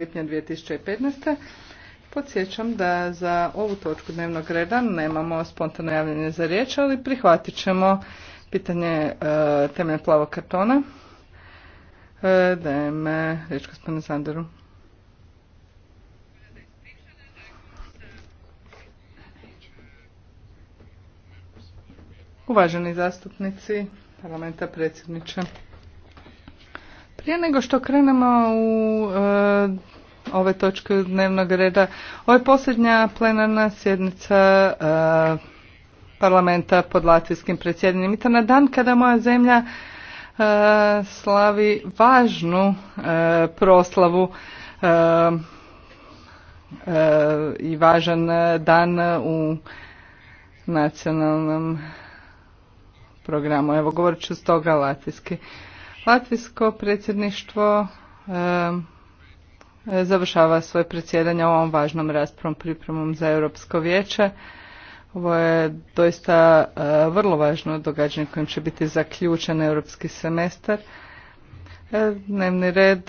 lipnja 2015. Podsjećam da za ovu točku dnevnog reda nemamo spontano javljanje za riječ, ali prihvatit ćemo pitanje e, temelja plavog kartona. E, dajem e, riječ gospodinu Sanderu. Uvaženi zastupnici parlamenta predsjedniče. Prije nego što krenemo u e, ove točke dnevnog reda, ovo je posljednja plenarna sjednica e, parlamenta pod latvijskim predsjedanjem. I to na dan kada moja zemlja e, slavi važnu proslavu i važan dan u nacionalnom programu. Evo, govorit ću stoga latvijski. Latvijsko predsjedništvo eh, završava svoje predsjedanje ovom važnom raspravom pripremom za Europsko vijeće. Ovo je doista eh, vrlo važno događanje kojim će biti zaključen europski semestar. Eh, dnevni red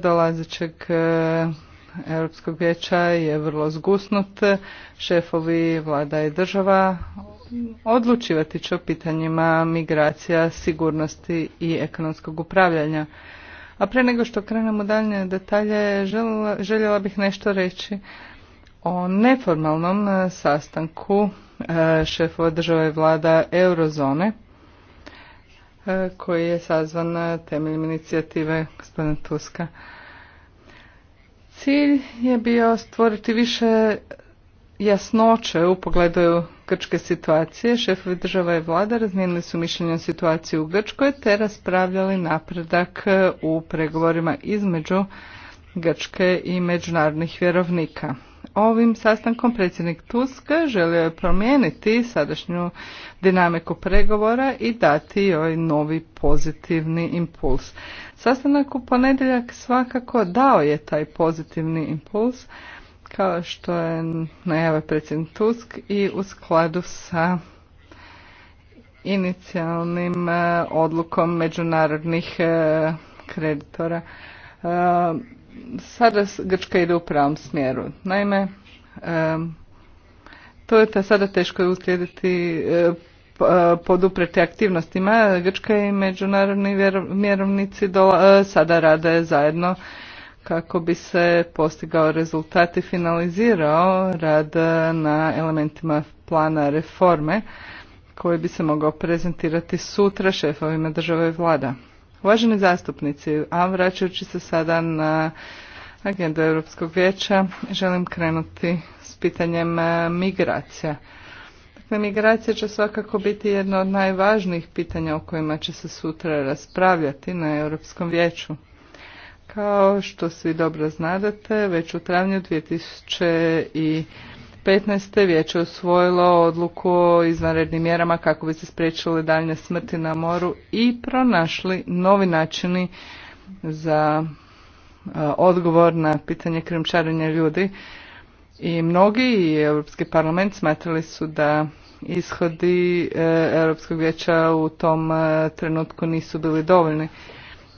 dolazećeg Europskog vijeća je vrlo zgusnut. Šefovi vlada i država odlučivati će o pitanjima migracija, sigurnosti i ekonomskog upravljanja. A pre nego što krenemo daljnje detalje, željela, željela bih nešto reći o neformalnom e, sastanku e, šefova države vlada Eurozone e, koji je sazvan temeljem inicijative gospodina Tuska. Cilj je bio stvoriti više jasnoće u pogledu grčke situacije, šefovi država i vlada razmijenili su mišljenje o situaciji u Grčkoj te raspravljali napredak e, u pregovorima između Grčke i međunarodnih vjerovnika. Ovim sastankom predsjednik Tusk želio je promijeniti sadašnju dinamiku pregovora i dati joj novi pozitivni impuls. Sastanak u ponedjeljak svakako dao je taj pozitivni impuls, kao što je najava predsjednik Tusk i u skladu sa inicijalnim e, odlukom međunarodnih e, kreditora. E, sada Grčka ide u pravom smjeru. Naime, to je ta sada teško je uslijediti podupreti aktivnostima. Grčka i međunarodni mjerovnici sada rade zajedno kako bi se postigao rezultat i finalizirao rad eh, na elementima plana reforme koji bi se mogao prezentirati sutra šefovima države i vlada. Uvaženi zastupnici, a vraćajući se sada na agendu Europskog vijeća, želim krenuti s pitanjem eh, migracija. Dakle, migracija će svakako biti jedno od najvažnijih pitanja o kojima će se sutra raspravljati na Europskom vijeću. Kao što svi dobro znadete, već u travnju 2015. vijeće osvojilo odluku o izvanrednim mjerama kako bi se spriječile daljne smrti na moru i pronašli novi načini za e, odgovor na pitanje krimčarenja ljudi. I mnogi i Europski parlament smatrali su da ishodi e, Europskog vijeća u tom e, trenutku nisu bili dovoljni.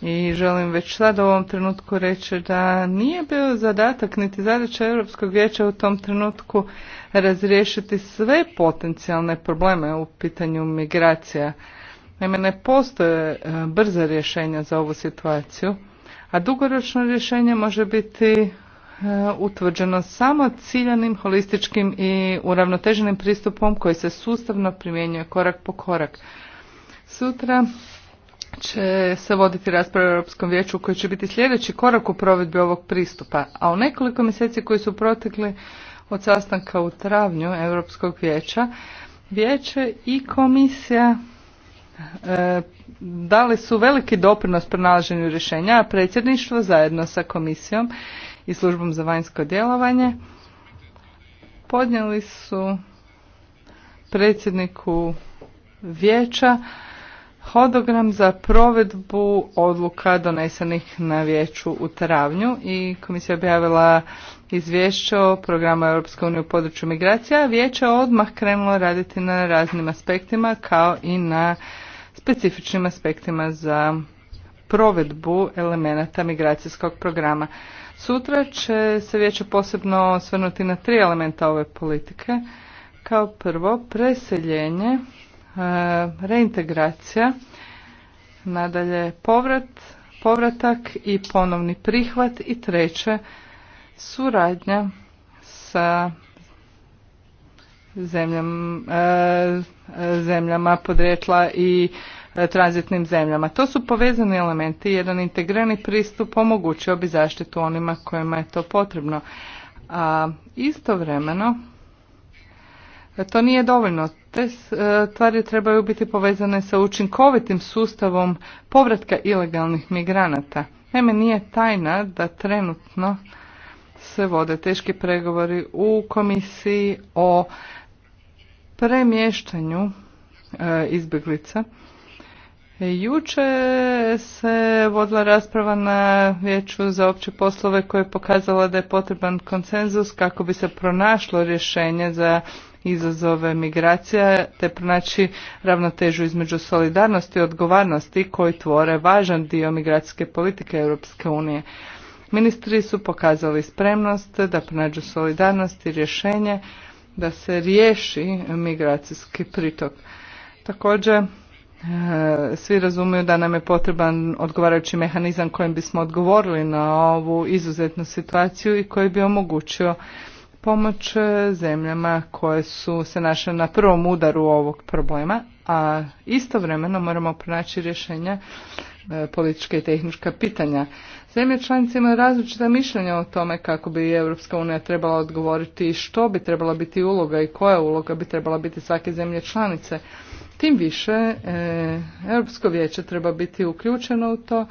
I želim već sad u ovom trenutku reći da nije bio zadatak niti zadaća Europskog vijeća u tom trenutku razriješiti sve potencijalne probleme u pitanju migracija. Naime, ne postoje e, brza rješenja za ovu situaciju, a dugoročno rješenje može biti e, utvrđeno samo ciljanim, holističkim i uravnoteženim pristupom koji se sustavno primjenjuje korak po korak. Sutra će se voditi rasprava u Europskom vijeću koji će biti sljedeći korak u provedbi ovog pristupa, a u nekoliko mjeseci koji su protekli od sastanka u travnju Europskog vijeća, vijeće i komisija e, dali su veliki doprinos pronalaženju rješenja, a predsjedništvo zajedno sa komisijom i službom za vanjsko djelovanje podnijeli su predsjedniku vijeća hodogram za provedbu odluka donesenih na vijeću u travnju i komisija objavila izvješće o programu Europske unije u području migracija, vijeće je odmah krenulo raditi na raznim aspektima kao i na specifičnim aspektima za provedbu elemenata migracijskog programa. Sutra će se vijeće posebno osvrnuti na tri elementa ove politike. Kao prvo, preseljenje, E, reintegracija, nadalje povrat, povratak i ponovni prihvat i treće suradnja sa zemljama, e, zemljama podrijetla i e, tranzitnim zemljama. To su povezani elementi. Jedan integrani pristup omogućio bi zaštitu onima kojima je to potrebno. A istovremeno to nije dovoljno te stvari e, trebaju biti povezane sa učinkovitim sustavom povratka ilegalnih migranata. Naime, nije tajna da trenutno se vode teški pregovori u komisiji o premještanju e, izbjeglica. E, juče se vodila rasprava na vijeću za opće poslove koja je pokazala da je potreban konsenzus kako bi se pronašlo rješenje za izazove migracija te pronaći ravnotežu između solidarnosti i odgovarnosti koji tvore važan dio migracijske politike Europske unije. Ministri su pokazali spremnost da pronađu solidarnost i rješenje da se riješi migracijski pritok. Također, e, svi razumiju da nam je potreban odgovarajući mehanizam kojim bismo odgovorili na ovu izuzetnu situaciju i koji bi omogućio pomoć e, zemljama koje su se našle na prvom udaru ovog problema, a istovremeno moramo pronaći rješenja e, politička i tehnička pitanja. Zemlje članice imaju različita mišljenja o tome kako bi Europska unija trebala odgovoriti i što bi trebala biti uloga i koja uloga bi trebala biti svake zemlje članice. Tim više, e, Europsko vijeće treba biti uključeno u to,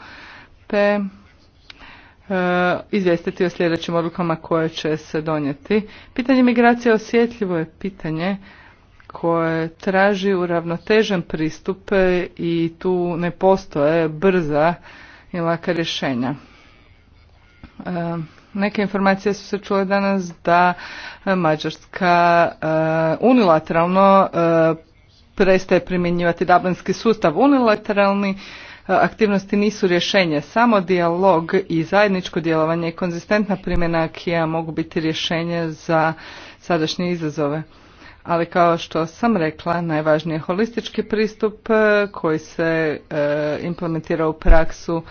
te E, izvijestiti o sljedećim odlukama koje će se donijeti. Pitanje migracije osjetljivo je pitanje koje traži uravnotežen pristup e, i tu ne postoje brza i laka rješenja. E, neke informacije su se čule danas da Mađarska unilateralno prestaje primjenjivati Dublinski sustav unilateralni aktivnosti nisu rješenje. Samo dijalog i zajedničko djelovanje i konzistentna primjena akija mogu biti rješenje za sadašnje izazove. Ali kao što sam rekla, najvažniji je holistički pristup eh, koji se eh, implementira u praksu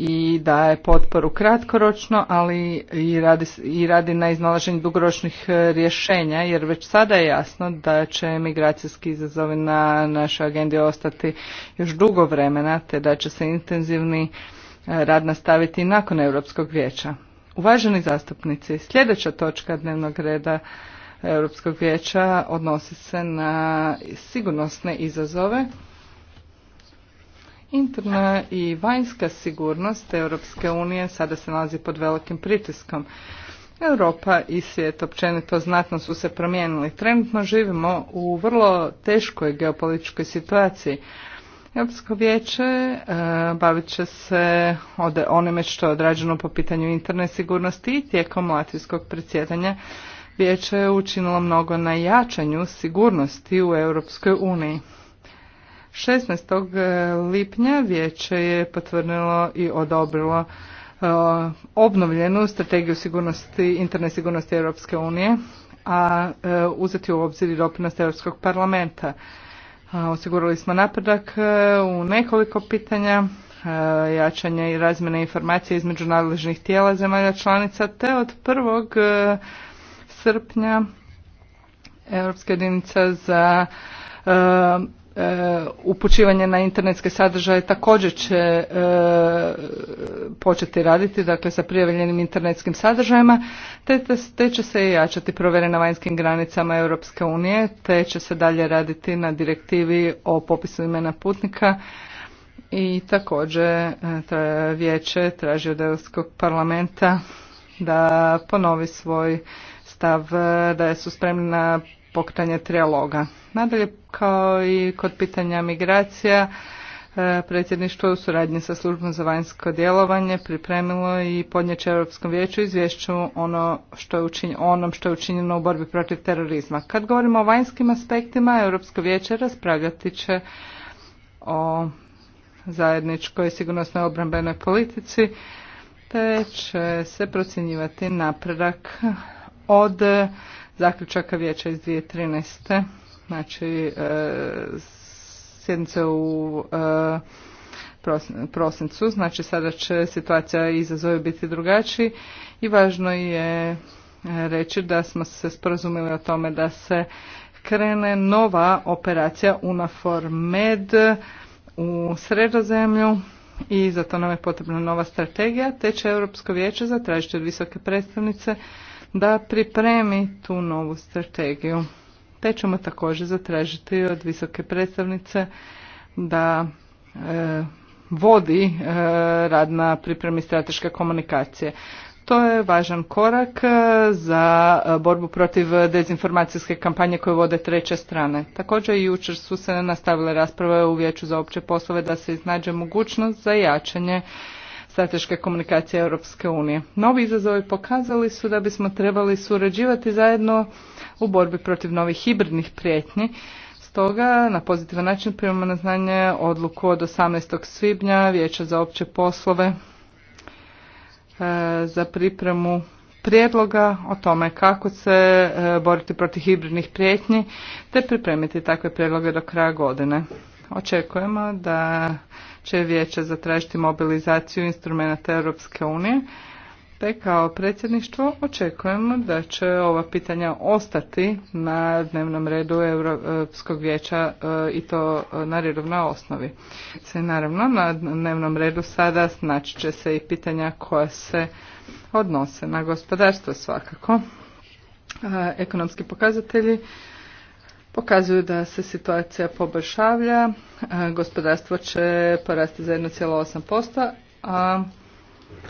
i daje potporu kratkoročno, ali i radi, i radi na iznalaženju dugoročnih e, rješenja, jer već sada je jasno da će migracijski izazovi na našoj agendi ostati još dugo vremena, te da će se intenzivni e, rad nastaviti nakon Europskog vijeća. Uvaženi zastupnici, sljedeća točka dnevnog reda Europskog vijeća odnosi se na sigurnosne izazove Interna i vanjska sigurnost Europske unije sada se nalazi pod velikim pritiskom. Europa i svijet općenito znatno su se promijenili. Trenutno živimo u vrlo teškoj geopolitičkoj situaciji. Europsko vijeće e, bavit će se ode onime što je odrađeno po pitanju interne sigurnosti i tijekom latvijskog predsjedanja vijeće je učinilo mnogo na jačanju sigurnosti u Europskoj uniji. 16. Eh, lipnja vijeće je potvrdilo i odobrilo eh, obnovljenu strategiju sigurnosti, interne sigurnosti Europske unije, a eh, uzeti u obzir i doprinos Europskog parlamenta. Osigurali smo napredak u nekoliko pitanja, jačanje i razmjene informacije između nadležnih tijela zemalja članica, te od 1. srpnja Europska jedinica za E, upućivanje na internetske sadržaje također će e, početi raditi dakle sa prijavljenim internetskim sadržajima te, će se i jačati provjere na vanjskim granicama Europske unije te će se dalje raditi na direktivi o popisu imena putnika i također e, tra, vijeće traži od Europskog parlamenta da ponovi svoj stav da su spremni na pokretanje trijaloga. Nadalje, kao i kod pitanja migracija, e, predsjedništvo u suradnji sa službom za vanjsko djelovanje pripremilo i podnijeće Europskom vijeću izvješću ono što je onom što je učinjeno u borbi protiv terorizma. Kad govorimo o vanjskim aspektima, Europsko vijeće raspravljati će o zajedničkoj sigurnosnoj obrambenoj politici, te će se procjenjivati napredak od zaključaka vijeća iz 2013. Znači, e, sjednice u e, prosincu, znači sada će situacija i biti drugačiji i važno je e, reći da smo se sporazumili o tome da se krene nova operacija UNAFOR MED u sredozemlju i zato nam je potrebna nova strategija, te će Europsko vijeće zatražiti od visoke predstavnice da pripremi tu novu strategiju. Te ćemo također zatražiti od visoke predstavnice da e, vodi e, rad na pripremi strateške komunikacije. To je važan korak e, za borbu protiv dezinformacijske kampanje koje vode treće strane. Također i jučer su se nastavile rasprave u Vijeću za opće poslove da se iznađe mogućnost za jačanje strateške komunikacije Europske unije. Novi izazovi pokazali su da bismo trebali surađivati zajedno u borbi protiv novih hibridnih prijetnji. Stoga na pozitivan način primamo na znanje odluku od 18. svibnja Vijeća za opće poslove e, za pripremu prijedloga o tome kako se e, boriti protiv hibridnih prijetnji te pripremiti takve prijedloge do kraja godine. Očekujemo da će vijeće zatražiti mobilizaciju instrumenta Europske unije, te kao predsjedništvo očekujemo da će ova pitanja ostati na dnevnom redu Europskog vijeća e, i to na redovnoj osnovi. Se naravno na dnevnom redu sada znači će se i pitanja koja se odnose na gospodarstvo svakako. E, ekonomski pokazatelji pokazuju da se situacija poboljšavlja, e, gospodarstvo će porasti za 1,8%, a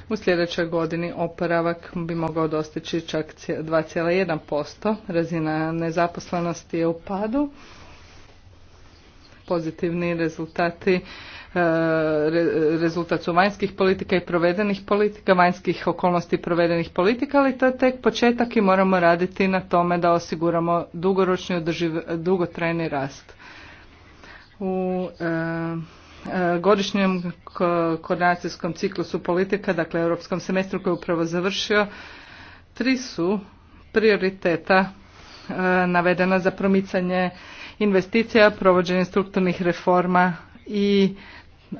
u sljedećoj godini oporavak bi mogao dostići čak 2,1%. Razina nezaposlenosti je u padu. Pozitivni rezultati E, rezultat su vanjskih politika i provedenih politika, vanjskih okolnosti i provedenih politika, ali to je tek početak i moramo raditi na tome da osiguramo dugoročni dugotrajni rast. U e, e, godišnjem koordinacijskom ciklusu politika, dakle europskom semestru koji je upravo završio, tri su prioriteta navedena za promicanje investicija, provođenje strukturnih reforma i eh,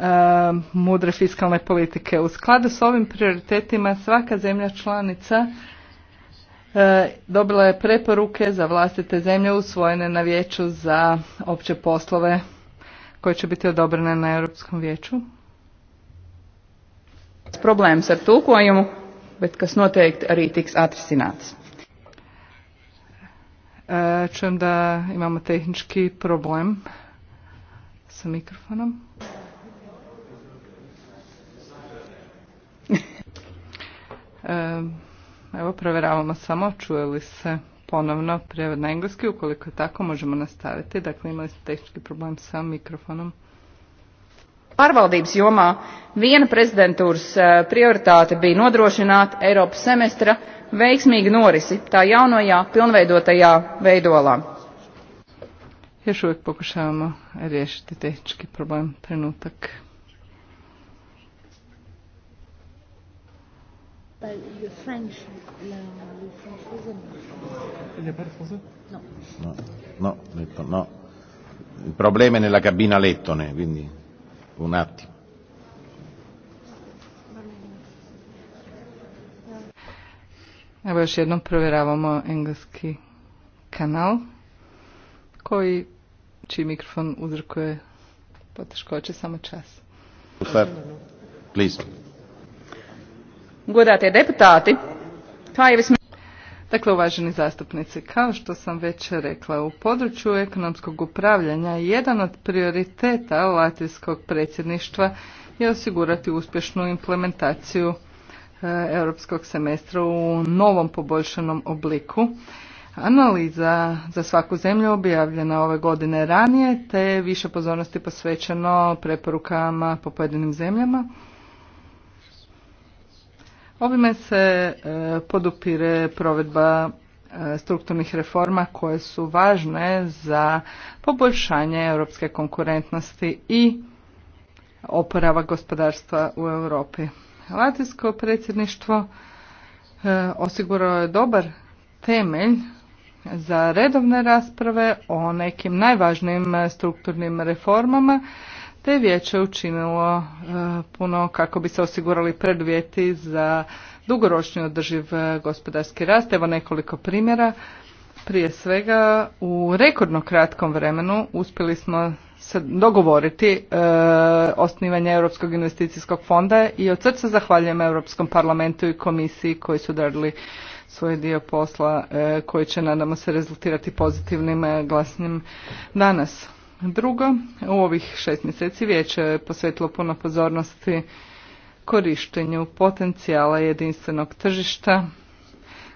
mudre fiskalne politike. U skladu s ovim prioritetima svaka zemlja članica eh, dobila je preporuke za vlastite zemlje usvojene na vijeću za opće poslove koje će biti odobrene na Europskom vijeću. sa tu bet kas eh, Čujem da imamo tehnički problem sa mikrofonom. Evo, provjeravamo samo čuje li se ponovno prijevod na engleski. Ukoliko je tako, možemo nastaviti. Dakle, imali ste tehnički problem sa mikrofonom. Pārvaldības jomā viena prezidentūras eh, prioritāte bija nodrošināt Eiropas semestra veiksmīgu norisi tā jaunajā pilnveidotajā veidolā još uvijek pokušavamo riješiti tehnički problem trenutak. No. No, no, no. Il problema è nella cabina lettone, eh, quindi un attimo. Evo još jednom provjeravamo engleski kanal koji čiji mikrofon uzrokuje poteškoće samo čas. Please. deputati. Dakle, uvaženi zastupnici, kao što sam već rekla, u području ekonomskog upravljanja jedan od prioriteta latvijskog predsjedništva je osigurati uspješnu implementaciju e, europskog semestra u novom poboljšanom obliku Analiza za svaku zemlju objavljena ove godine ranije, te je više pozornosti posvećeno preporukama po pojedinim zemljama. Ovime se e, podupire provedba e, strukturnih reforma koje su važne za poboljšanje europske konkurentnosti i oporava gospodarstva u Europi. Latinsko predsjedništvo e, osigurao je dobar temelj za redovne rasprave o nekim najvažnijim strukturnim reformama, te vijeće učinilo e, puno kako bi se osigurali predvjeti za dugoročni održiv e, gospodarski rast. Evo nekoliko primjera. Prije svega u rekordno kratkom vremenu uspjeli smo se dogovoriti e, osnivanje Europskog investicijskog fonda i od srca zahvaljujem Europskom parlamentu i komisiji koji su darili svoj dio posla e, koji će nadamo se rezultirati pozitivnim e, glasnim danas. Drugo, u ovih šest mjeseci vijeće je posvetilo puno pozornosti korištenju potencijala jedinstvenog tržišta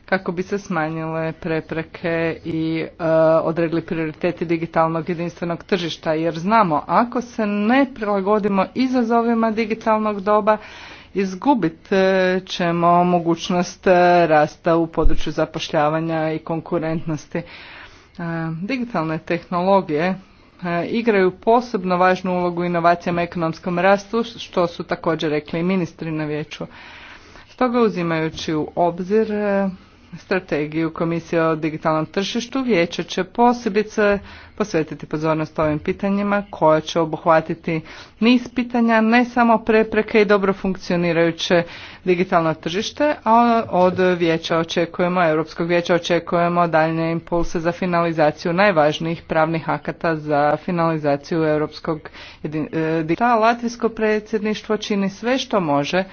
kako bi se smanjile prepreke i e, odredili prioriteti digitalnog jedinstvenog tržišta jer znamo ako se ne prilagodimo izazovima digitalnog doba izgubit e, ćemo mogućnost e, rasta u području zapošljavanja i konkurentnosti. E, digitalne tehnologije igraju posebno važnu ulogu u inovacijama i ekonomskom rastu, što su također rekli i ministri na vijeću. Stoga uzimajući u obzir strategiju Komisije o digitalnom tržištu, vijeće će posebice posvetiti pozornost ovim pitanjima koja će obuhvatiti niz pitanja, ne samo prepreke i dobro funkcionirajuće digitalno tržište, a od vijeća očekujemo, Europskog vijeća očekujemo daljnje impulse za finalizaciju najvažnijih pravnih akata za finalizaciju Europskog e, digitala. E, latvijsko predsjedništvo čini sve što može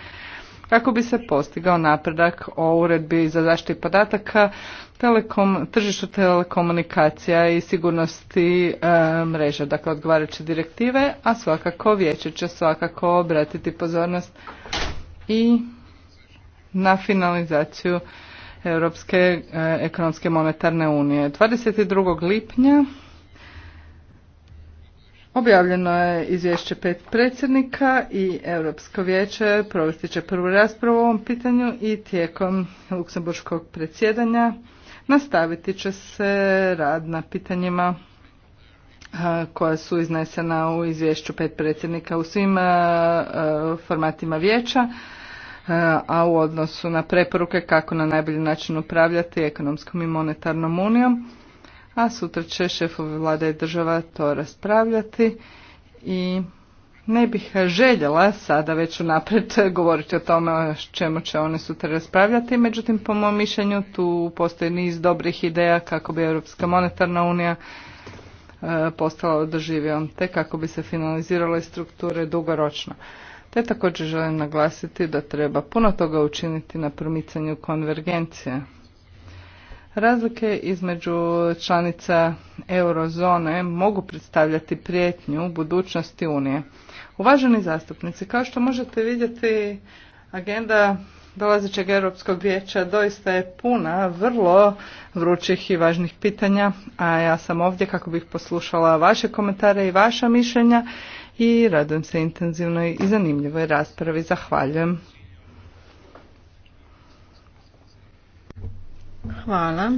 kako bi se postigao napredak o uredbi za zaštitu podataka, telekom, tržištu telekomunikacija i sigurnosti e, mreža, dakle odgovarajuće direktive, a svakako vijeće će svakako obratiti pozornost i na finalizaciju Europske e, ekonomske monetarne unije. 22. lipnja Objavljeno je izvješće pet predsjednika i Europsko vijeće provesti će prvu raspravu o ovom pitanju i tijekom luksemburškog predsjedanja nastaviti će se rad na pitanjima koja su iznesena u izvješću pet predsjednika u svim formatima vijeća, a u odnosu na preporuke kako na najbolji način upravljati ekonomskom i monetarnom unijom a sutra će šefovi vlada i država to raspravljati i ne bih željela sada već unaprijed govoriti o tome o čemu će oni sutra raspravljati, međutim po mom mišljenju tu postoji niz dobrih ideja kako bi Europska monetarna unija e, postala održivijom te kako bi se finalizirale strukture dugoročno. Te također želim naglasiti da treba puno toga učiniti na promicanju konvergencije. Razlike između članica eurozone mogu predstavljati prijetnju budućnosti Unije. Uvaženi zastupnici, kao što možete vidjeti, agenda dolazećeg Europskog vijeća doista je puna vrlo vrućih i važnih pitanja, a ja sam ovdje kako bih poslušala vaše komentare i vaša mišljenja i radujem se intenzivnoj i zanimljivoj raspravi. Zahvaljujem. Hvala.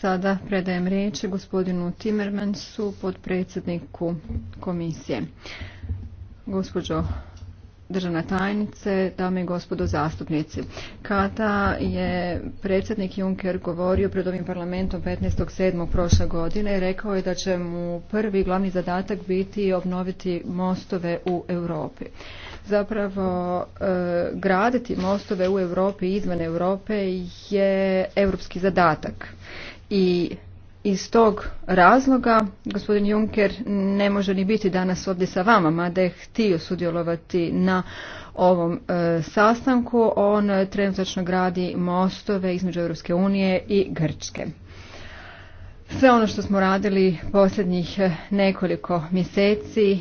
Sada predajem riječ gospodinu Timmermansu, podpredsjedniku komisije. Gospođo državna tajnice, dame i gospodo zastupnici. Kada je predsjednik Juncker govorio pred ovim parlamentom 15.7. prošle godine, rekao je da će mu prvi glavni zadatak biti obnoviti mostove u Europi. Zapravo e, graditi mostove u Europi i izvan Europe je europski zadatak. I iz tog razloga gospodin Juncker ne može ni biti danas ovdje sa vama, mada je htio sudjelovati na ovom e, sastanku. On trenutačno gradi mostove između Europske unije i Grčke. Sve ono što smo radili posljednjih e, nekoliko mjeseci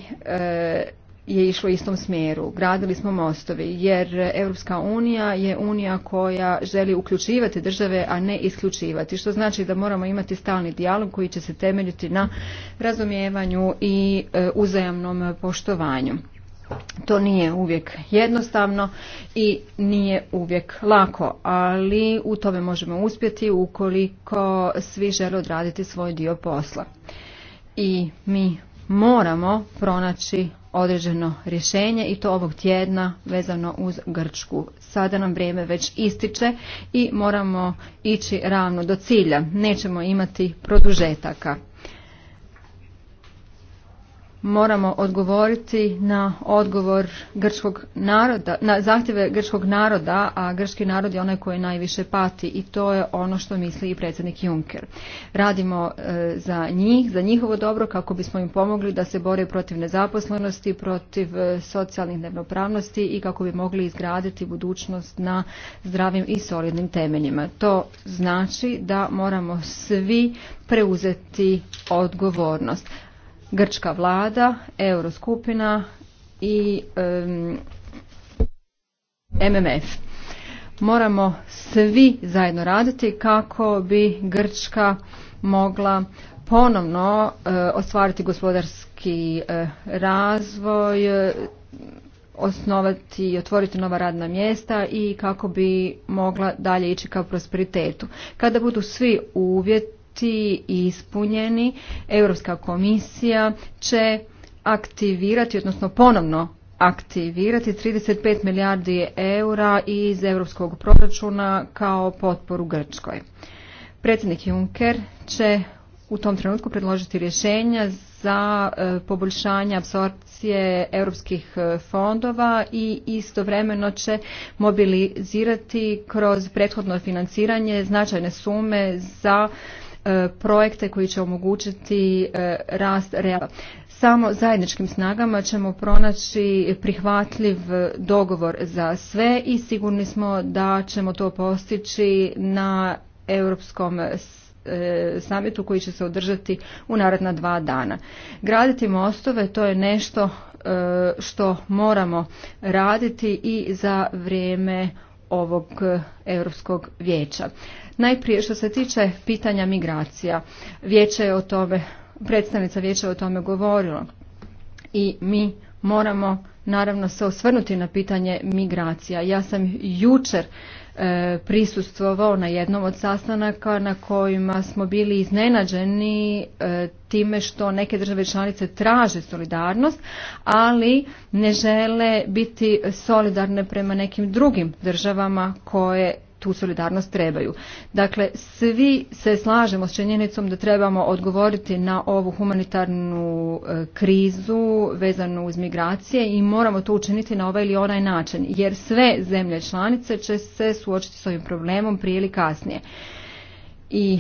je išlo istom smjeru. Gradili smo mostovi jer Europska unija je unija koja želi uključivati države, a ne isključivati. Što znači da moramo imati stalni dijalog koji će se temeljiti na razumijevanju i e, uzajamnom poštovanju. To nije uvijek jednostavno i nije uvijek lako, ali u tome možemo uspjeti ukoliko svi žele odraditi svoj dio posla. I mi moramo pronaći određeno rješenje i to ovog tjedna vezano uz Grčku. Sada nam vrijeme već ističe i moramo ići ravno do cilja. Nećemo imati produžetaka moramo odgovoriti na odgovor grčkog naroda, na zahtjeve grčkog naroda, a grčki narod je onaj koji najviše pati i to je ono što misli i predsjednik Juncker. Radimo e, za njih, za njihovo dobro kako bismo im pomogli da se bore protiv nezaposlenosti, protiv e, socijalnih neopravnosti i kako bi mogli izgraditi budućnost na zdravim i solidnim temeljima. To znači da moramo svi preuzeti odgovornost grčka vlada, euroskupina i MMF. Moramo svi zajedno raditi kako bi Grčka mogla ponovno e, ostvariti gospodarski e, razvoj, e, osnovati i otvoriti nova radna mjesta i kako bi mogla dalje ići kao prosperitetu. Kada budu svi uvjeti i ispunjeni, Europska komisija će aktivirati, odnosno ponovno aktivirati 35 milijardi eura iz europskog proračuna kao potporu Grčkoj. Predsjednik Juncker će u tom trenutku predložiti rješenja za e, poboljšanje apsorpcije europskih e, fondova i istovremeno će mobilizirati kroz prethodno financiranje značajne sume za E, projekte koji će omogućiti e, rast reala. Samo zajedničkim snagama ćemo pronaći prihvatljiv dogovor za sve i sigurni smo da ćemo to postići na europskom e, samitu koji će se održati u naredna dva dana. Graditi mostove to je nešto što moramo raditi i za vrijeme ovog Europskog vijeća. Najprije što se tiče pitanja migracija, vijeće je o tome, predstavnica vijeća je o tome govorila i mi moramo naravno se osvrnuti na pitanje migracija. Ja sam jučer e, prisustvovao na jednom od sastanaka na kojima smo bili iznenađeni e, time što neke države članice traže solidarnost, ali ne žele biti solidarne prema nekim drugim državama koje tu solidarnost trebaju. Dakle, svi se slažemo s činjenicom da trebamo odgovoriti na ovu humanitarnu e, krizu vezanu uz migracije i moramo to učiniti na ovaj ili onaj način, jer sve zemlje članice će se suočiti s ovim problemom prije ili kasnije. I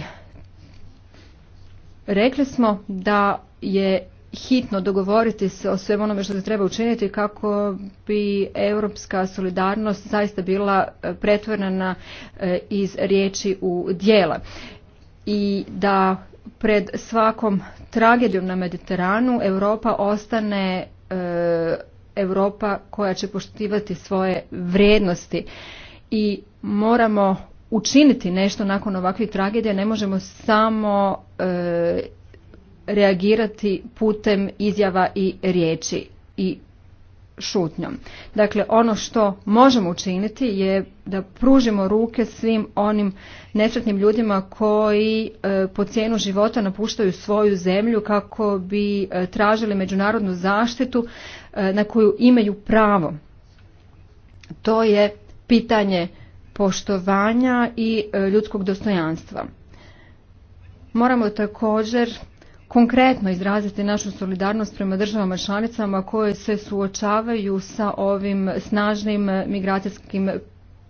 rekli smo da je hitno dogovoriti se o svemu onome što se treba učiniti kako bi europska solidarnost zaista bila e, pretvorena e, iz riječi u dijela. i da pred svakom tragedijom na Mediteranu Europa ostane e, Europa koja će poštivati svoje vrijednosti i moramo učiniti nešto nakon ovakvih tragedija ne možemo samo reagirati putem izjava i riječi i šutnjom. Dakle, ono što možemo učiniti je da pružimo ruke svim onim nesretnim ljudima koji e, po cijenu života napuštaju svoju zemlju kako bi e, tražili međunarodnu zaštitu e, na koju imaju pravo. To je pitanje poštovanja i ljudskog dostojanstva. Moramo također konkretno izraziti našu solidarnost prema državama članicama koje se suočavaju sa ovim snažnim migracijskim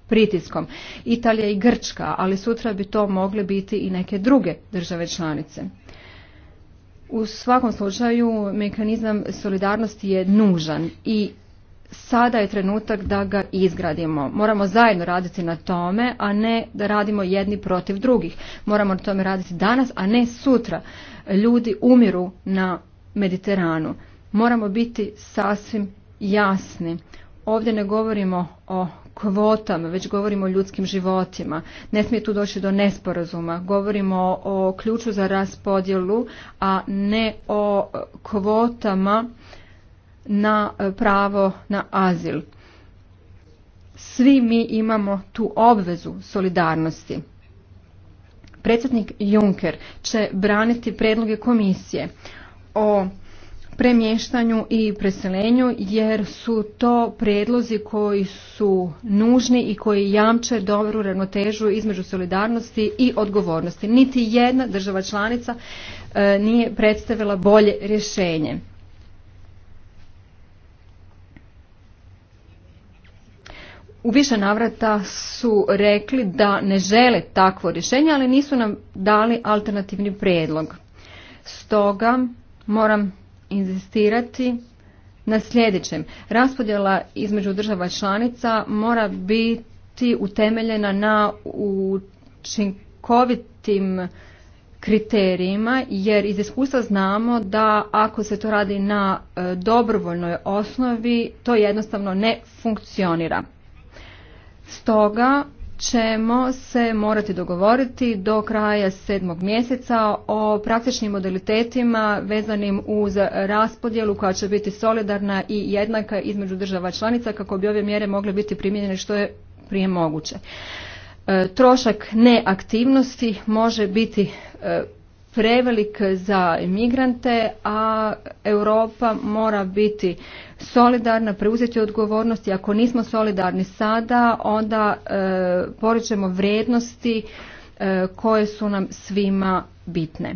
pritiskom. Italija i Grčka, ali sutra bi to mogle biti i neke druge države članice. U svakom slučaju mehanizam solidarnosti je nužan i sada je trenutak da ga izgradimo. Moramo zajedno raditi na tome, a ne da radimo jedni protiv drugih. Moramo na tome raditi danas, a ne sutra. Ljudi umiru na Mediteranu. Moramo biti sasvim jasni. Ovdje ne govorimo o kvotama, već govorimo o ljudskim životima. Ne smije tu doći do nesporazuma. Govorimo o ključu za raspodjelu, a ne o kvotama na e, pravo na azil. Svi mi imamo tu obvezu solidarnosti. Predsjednik Juncker će braniti predloge komisije o premještanju i preselenju jer su to predlozi koji su nužni i koji jamče dobru ravnotežu između solidarnosti i odgovornosti. Niti jedna država članica e, nije predstavila bolje rješenje. u više navrata su rekli da ne žele takvo rješenje, ali nisu nam dali alternativni prijedlog. Stoga moram inzistirati na sljedećem. Raspodjela između država članica mora biti utemeljena na učinkovitim kriterijima jer iz iskustva znamo da ako se to radi na e, dobrovoljnoj osnovi to jednostavno ne funkcionira. Stoga ćemo se morati dogovoriti do kraja sedmog mjeseca o praktičnim modalitetima vezanim uz raspodjelu koja će biti solidarna i jednaka između država članica kako bi ove mjere mogle biti primijenjene što je prije moguće. E, trošak neaktivnosti može biti e, prevelik za imigrante, a Europa mora biti solidarna, preuzeti odgovornosti. Ako nismo solidarni sada, onda e, poričemo vrijednosti e, koje su nam svima bitne.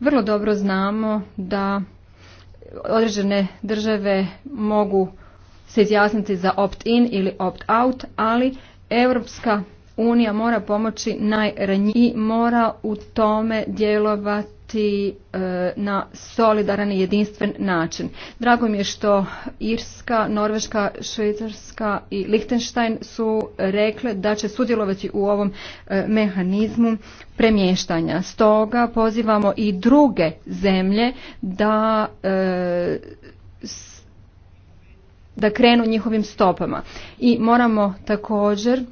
Vrlo dobro znamo da određene države mogu se izjasniti za opt-in ili opt-out, ali Europska unija mora pomoći i mora u tome djelovati e, na solidaran i jedinstven način. Drago mi je što Irska, Norveška, Švicarska i Liechtenstein su rekle da će sudjelovati u ovom e, mehanizmu premještanja. Stoga pozivamo i druge zemlje da e, da krenu njihovim stopama. I moramo također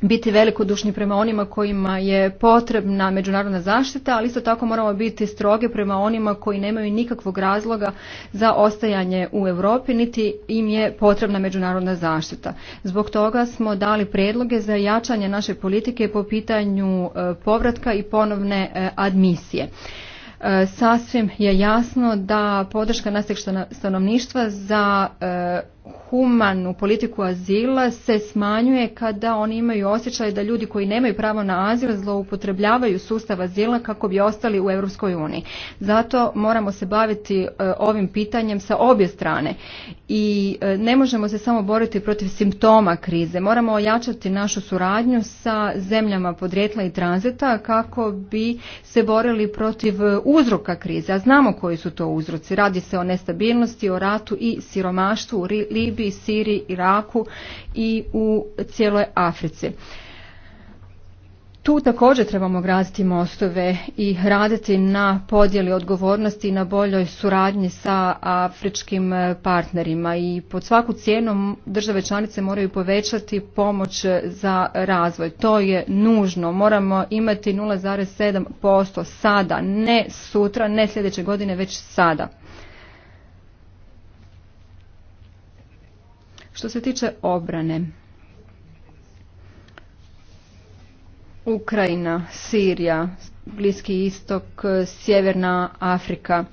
biti velikodušni prema onima kojima je potrebna međunarodna zaštita, ali isto tako moramo biti stroge prema onima koji nemaju nikakvog razloga za ostajanje u Europi, niti im je potrebna međunarodna zaštita. Zbog toga smo dali predloge za jačanje naše politike po pitanju e, povratka i ponovne e, admisije. Sasvim je jasno da podrška našeg stanovništva za e, humanu politiku azila se smanjuje kada oni imaju osjećaj da ljudi koji nemaju pravo na azil zloupotrebljavaju sustav azila kako bi ostali u Europskoj uniji. Zato moramo se baviti e, ovim pitanjem sa obje strane i e, ne možemo se samo boriti protiv simptoma krize. Moramo ojačati našu suradnju sa zemljama podrijetla i tranzita kako bi se borili protiv uzroka krize. A znamo koji su to uzroci. Radi se o nestabilnosti, o ratu i siromaštvu Libiji, Siriji, Iraku i u cijeloj Africi. Tu također trebamo graditi mostove i raditi na podjeli odgovornosti i na boljoj suradnji sa afričkim partnerima i pod svaku cijenu države članice moraju povećati pomoć za razvoj. To je nužno. Moramo imati 0,7% sada, ne sutra, ne sljedeće godine, već sada. Što se tiče obrane, Ukrajina, Sirija, Bliski istok, Sjeverna Afrika.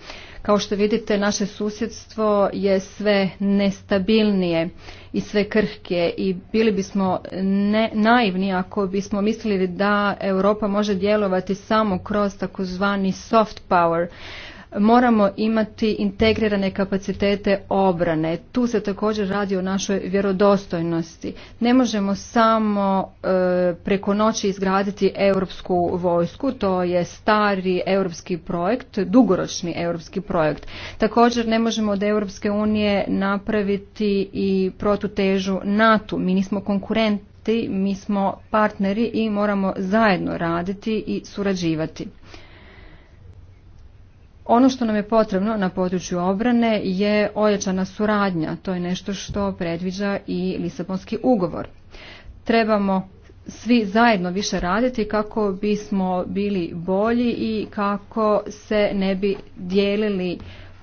Kao što vidite, naše susjedstvo je sve nestabilnije i sve krhke i bili bismo ne, naivni ako bismo mislili da Europa može djelovati samo kroz takozvani soft power moramo imati integrirane kapacitete obrane. Tu se također radi o našoj vjerodostojnosti. Ne možemo samo e, preko noći izgraditi europsku vojsku, to je stari europski projekt, dugoročni europski projekt. Također ne možemo od Europske unije napraviti i protutežu NATO. Mi nismo konkurenti, mi smo partneri i moramo zajedno raditi i surađivati. Ono što nam je potrebno na području obrane je ojačana suradnja. To je nešto što predviđa i Lisabonski ugovor. Trebamo svi zajedno više raditi kako bismo bili bolji i kako se ne bi dijelili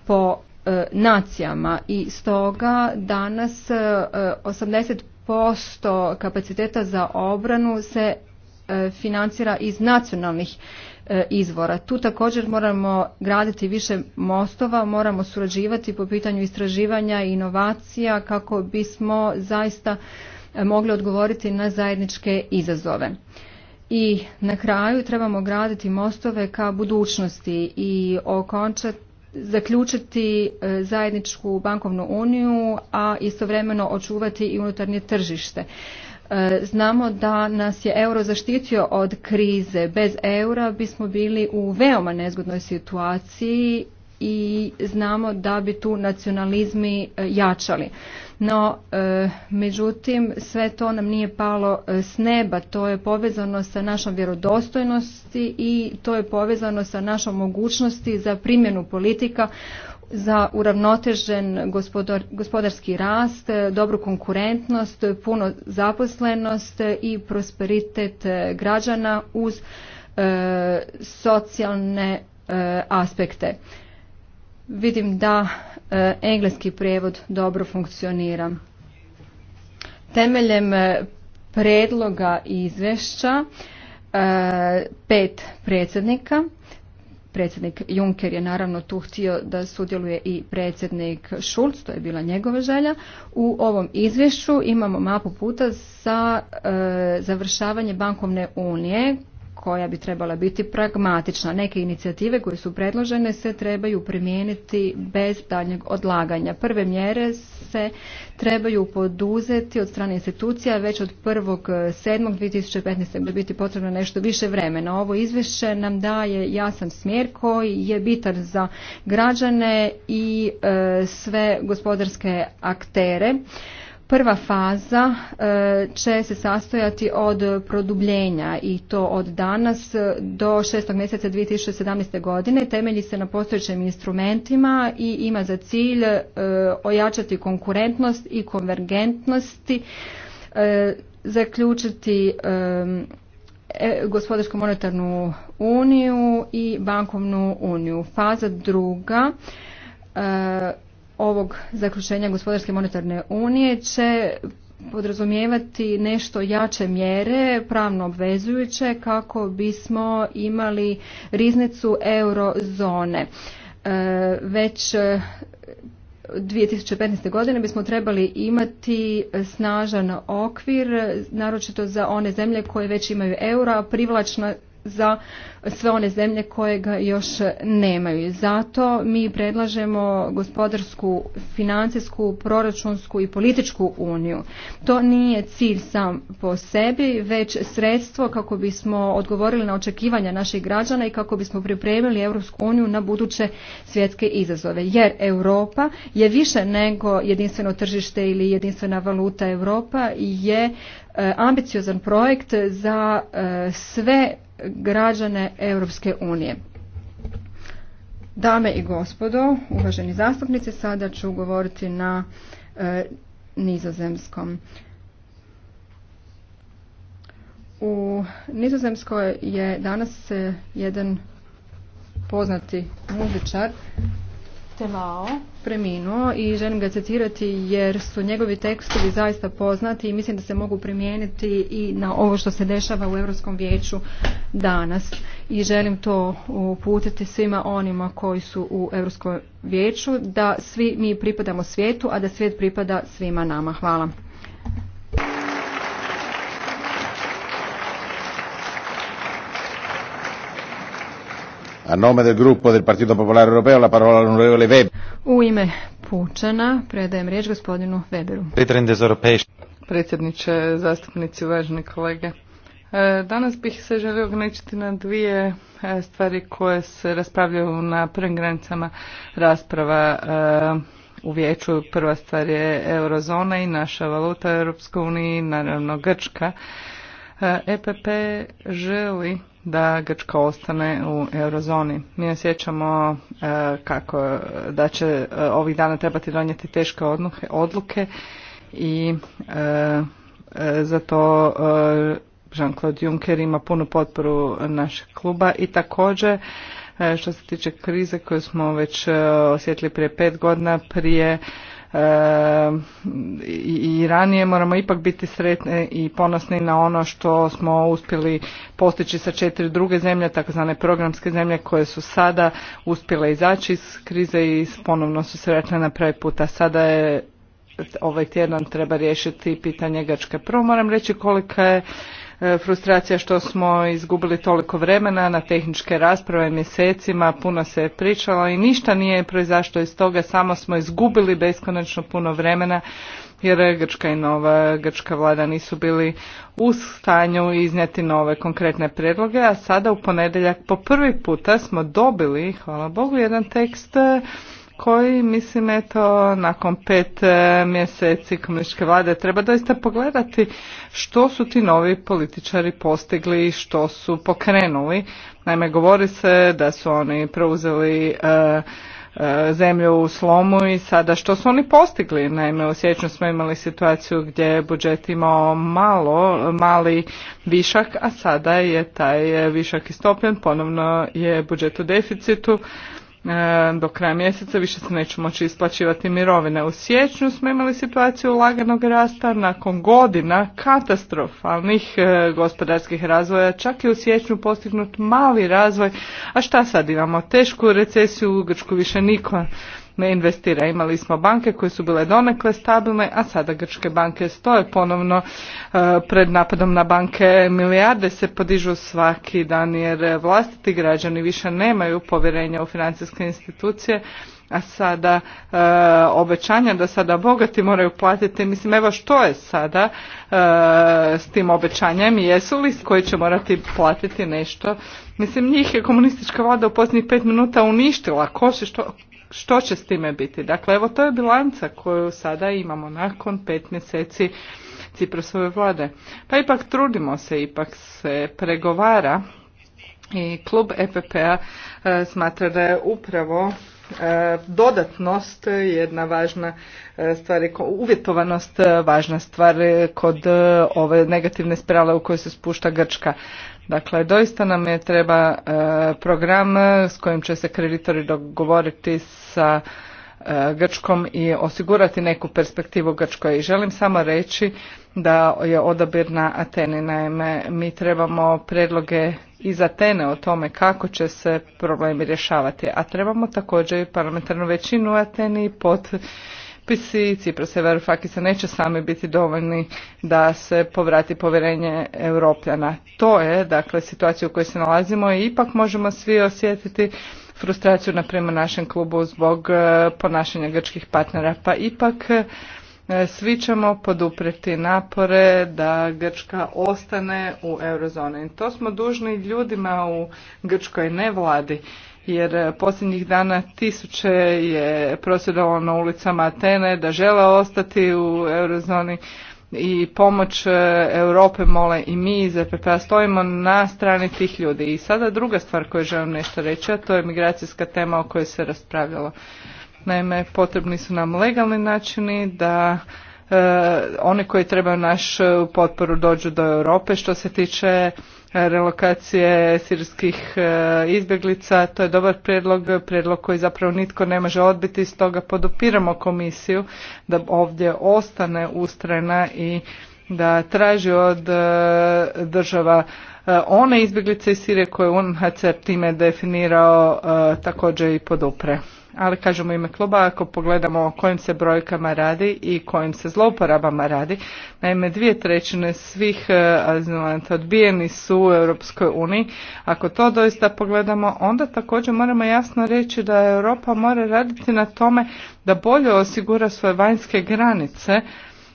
po e, nacijama i stoga danas 80% e, kapaciteta za obranu se e, financira iz nacionalnih E, izvora. Tu također moramo graditi više mostova, moramo surađivati po pitanju istraživanja i inovacija kako bismo zaista e, mogli odgovoriti na zajedničke izazove. I na kraju trebamo graditi mostove ka budućnosti i okončati zaključiti e, zajedničku bankovnu uniju, a istovremeno očuvati i unutarnje tržište. E, znamo da nas je euro zaštitio od krize. Bez eura bismo bili u veoma nezgodnoj situaciji i znamo da bi tu nacionalizmi e, jačali. No, e, međutim, sve to nam nije palo s neba. To je povezano sa našom vjerodostojnosti i to je povezano sa našom mogućnosti za primjenu politika za uravnotežen gospodarski rast, dobru konkurentnost, puno zaposlenost i prosperitet građana uz e, socijalne e, aspekte. Vidim da e, engleski prijevod dobro funkcionira. Temeljem predloga izvješća pet predsjednika Predsjednik Juncker je naravno tu htio da sudjeluje i predsjednik Schulz, to je bila njegova želja. U ovom izvješću imamo mapu puta za e, završavanje bankovne unije koja bi trebala biti pragmatična. Neke inicijative koje su predložene se trebaju primijeniti bez daljnjeg odlaganja. Prve mjere se trebaju poduzeti od strane institucija već od 1.7.2015. bi biti potrebno nešto više vremena. Ovo izvješće nam daje jasan smjer koji je bitar za građane i e, sve gospodarske aktere. Prva faza e, će se sastojati od produbljenja i to od danas do 6. mjeseca 2017. godine. Temelji se na postojećim instrumentima i ima za cilj e, ojačati konkurentnost i konvergentnosti, e, zaključiti gospodarsku monetarnu uniju i bankovnu uniju. Faza druga ovog zaključenja gospodarske monetarne unije će podrazumijevati nešto jače mjere, pravno obvezujuće kako bismo imali riznicu eurozone. E, već 2015. E, godine bismo trebali imati snažan okvir, naročito za one zemlje koje već imaju euro, a za sve one zemlje koje ga još nemaju. Zato mi predlažemo gospodarsku, financijsku, proračunsku i političku uniju. To nije cilj sam po sebi, već sredstvo kako bismo odgovorili na očekivanja naših građana i kako bismo pripremili Europsku uniju na buduće svjetske izazove. Jer Europa je više nego jedinstveno tržište ili jedinstvena valuta Europa je e, ambiciozan projekt za e, sve građane Europske unije. Dame i gospodo, uvaženi zastupnici, sada ću govoriti na e, nizozemskom. U Nizozemskoj je danas jedan poznati muzičar Temao preminuo i želim ga citirati jer su njegovi tekstovi zaista poznati i mislim da se mogu primijeniti i na ovo što se dešava u Europskom vijeću danas. I želim to uputiti svima onima koji su u Europskom vijeću da svi mi pripadamo svijetu, a da svijet pripada svima nama. Hvala. A nome del gruppo del Partito Popolare Europeo la parola U ime Pučana predajem riječ gospodinu Weberu. Predsjedniče, zastupnici, uvaženi kolege. E, danas bih se želio ograničiti na dvije e, stvari koje se raspravljaju na prvim granicama rasprava e, u vijeću. Prva stvar je eurozona i naša valuta u Europskoj uniji, naravno Grčka EPP e želi da Grčka ostane u eurozoni. Mi osjećamo e, kako da će e, ovih dana trebati donijeti teške odluke i zato Jean-Claude Juncker ima punu potporu našeg kluba i također što se tiče krize koju smo već osjetili prije pet godina, prije Ehm, i ranije moramo ipak biti sretni i ponosni na ono što smo uspjeli postići sa četiri druge zemlje, takozvane programske zemlje koje su sada uspjele izaći iz krize i ponovno su sretne na na pravi puta. Sada je ovaj tjedan treba riješiti pitanje Grčke. Prvo moram reći kolika je E, frustracija što smo izgubili toliko vremena na tehničke rasprave mjesecima, puno se pričalo i ništa nije proizašlo iz toga, samo smo izgubili beskonačno puno vremena jer Grčka i nova Grčka vlada nisu bili u stanju iznijeti nove konkretne predloge, a sada u ponedjeljak po prvi puta smo dobili, hvala Bogu, jedan tekst koji, mislim, eto, nakon pet e, mjeseci komunističke vlade treba doista pogledati što su ti novi političari postigli i što su pokrenuli. Naime, govori se da su oni preuzeli e, e, zemlju u slomu i sada što su oni postigli. Naime, u smo imali situaciju gdje je budžet imao malo, mali višak, a sada je taj višak istopljen, ponovno je budžet u deficitu E, do kraja mjeseca više se neće moći isplaćivati mirovine. U siječnju smo imali situaciju laganog rasta nakon godina katastrofalnih e, gospodarskih razvoja, čak i u siječnju postignut mali razvoj, a šta sad imamo? Tešku recesiju u Grčku više niko ne investira. Imali smo banke koje su bile donekle stabilne, a sada grčke banke stoje ponovno e, pred napadom na banke. Milijarde se podižu svaki dan jer vlastiti građani više nemaju povjerenja u financijske institucije a sada e, obećanja da sada bogati moraju platiti. Mislim, evo što je sada e, s tim obećanjem? Jesu li koji će morati platiti nešto? Mislim, njih je komunistička vlada u posljednjih pet minuta uništila. Ko, se što, što će s time biti. Dakle, evo to je bilanca koju sada imamo nakon pet mjeseci Ciprosove vlade. Pa ipak trudimo se, ipak se pregovara i klub EPP-a e, smatra da je upravo e, dodatnost jedna važna e, stvar, uvjetovanost važna stvar kod ove negativne spirale u kojoj se spušta Grčka. Dakle, doista nam je treba e, program e, s kojim će se kreditori dogovoriti sa e, Grčkom i osigurati neku perspektivu Grčkoj. I želim samo reći da je odabir na Ateni. Naime, mi trebamo predloge iz Atene o tome kako će se problemi rješavati. A trebamo također i parlamentarnu većinu u Ateni pod potpisi Cipras i se neće sami biti dovoljni da se povrati povjerenje Europljana. To je, dakle, situacija u kojoj se nalazimo i ipak možemo svi osjetiti frustraciju na prema našem klubu zbog e, ponašanja grčkih partnera. Pa ipak e, svi ćemo poduprijeti napore da Grčka ostane u eurozoni. To smo dužni ljudima u Grčkoj, ne vladi jer e, posljednjih dana tisuće je prosvjedovalo na ulicama Atene da žele ostati u eurozoni i pomoć e, Europe mole i mi iz EPP-a stojimo na strani tih ljudi. I sada druga stvar koju želim nešto reći, a to je migracijska tema o kojoj se raspravljalo. Naime, potrebni su nam legalni načini da e, oni koji trebaju našu potporu dođu do Europe. Što se tiče relokacije sirskih e, izbjeglica. To je dobar prijedlog, prijedlog koji zapravo nitko ne može odbiti, stoga podupiramo komisiju da ovdje ostane ustrena i da traži od e, država e, one izbjeglice iz Sirije koje UNHCR time definirao također i podupre ali kažemo ime kluba ako pogledamo o kojim se brojkama radi i kojim se zlouporabama radi. Naime, dvije trećine svih e, azilanta odbijeni su u Europskoj uniji. Ako to doista pogledamo, onda također moramo jasno reći da Europa mora raditi na tome da bolje osigura svoje vanjske granice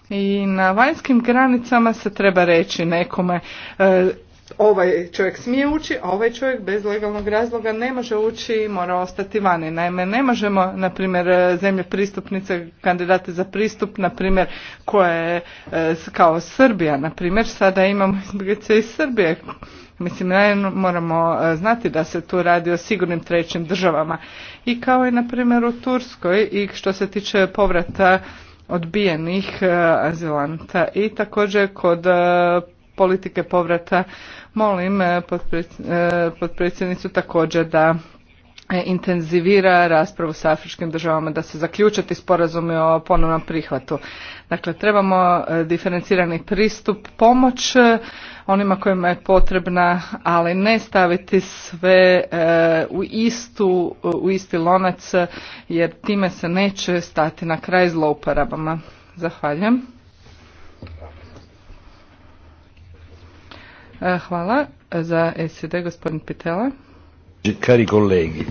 i na vanjskim granicama se treba reći nekome e, ovaj čovjek smije ući, a ovaj čovjek bez legalnog razloga ne može ući i mora ostati vani. Naime, ne možemo, na primjer, e, zemlje pristupnice, kandidate za pristup, na primjer, koje je kao Srbija, na primjer, sada imamo izbjeglice iz Srbije. Mislim, moramo e, znati da se tu radi o sigurnim trećim državama. I kao i, na primjer, u Turskoj i što se tiče povrata odbijenih e, azilanta i također kod politike povrata Molim eh, eh, potpredsjednicu također da eh, intenzivira raspravu sa afričkim državama da se zaključe ti sporazumi o ponovnom prihvatu. Dakle, trebamo diferencirani pristup, pomoć onima kojima je potrebna, ali ne staviti sve u, istu, u isti lonac jer time se neće stati na kraj zlouporabama. Zahvaljujem. E, hvala za SED, gospodin Pitela. kari kolegi,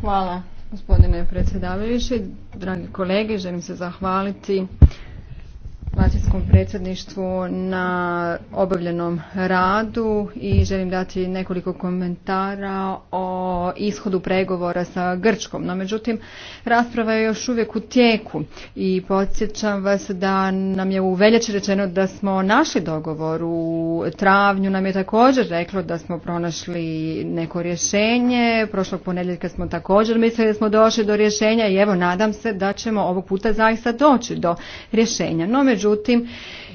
Hvala gospodine predsjedavajući, dragi kolege, želim se zahvaliti Latvijskom predsjedništvu na obavljenom radu i želim dati nekoliko komentara o ishodu pregovora sa Grčkom. No, međutim, rasprava je još uvijek u tijeku i podsjećam vas da nam je u veljači rečeno da smo našli dogovor. U travnju nam je također reklo da smo pronašli neko rješenje. Prošlog ponedjeljka smo također mislili da smo došli do rješenja i evo nadam se da ćemo ovog puta zaista doći do rješenja. No, međutim, međutim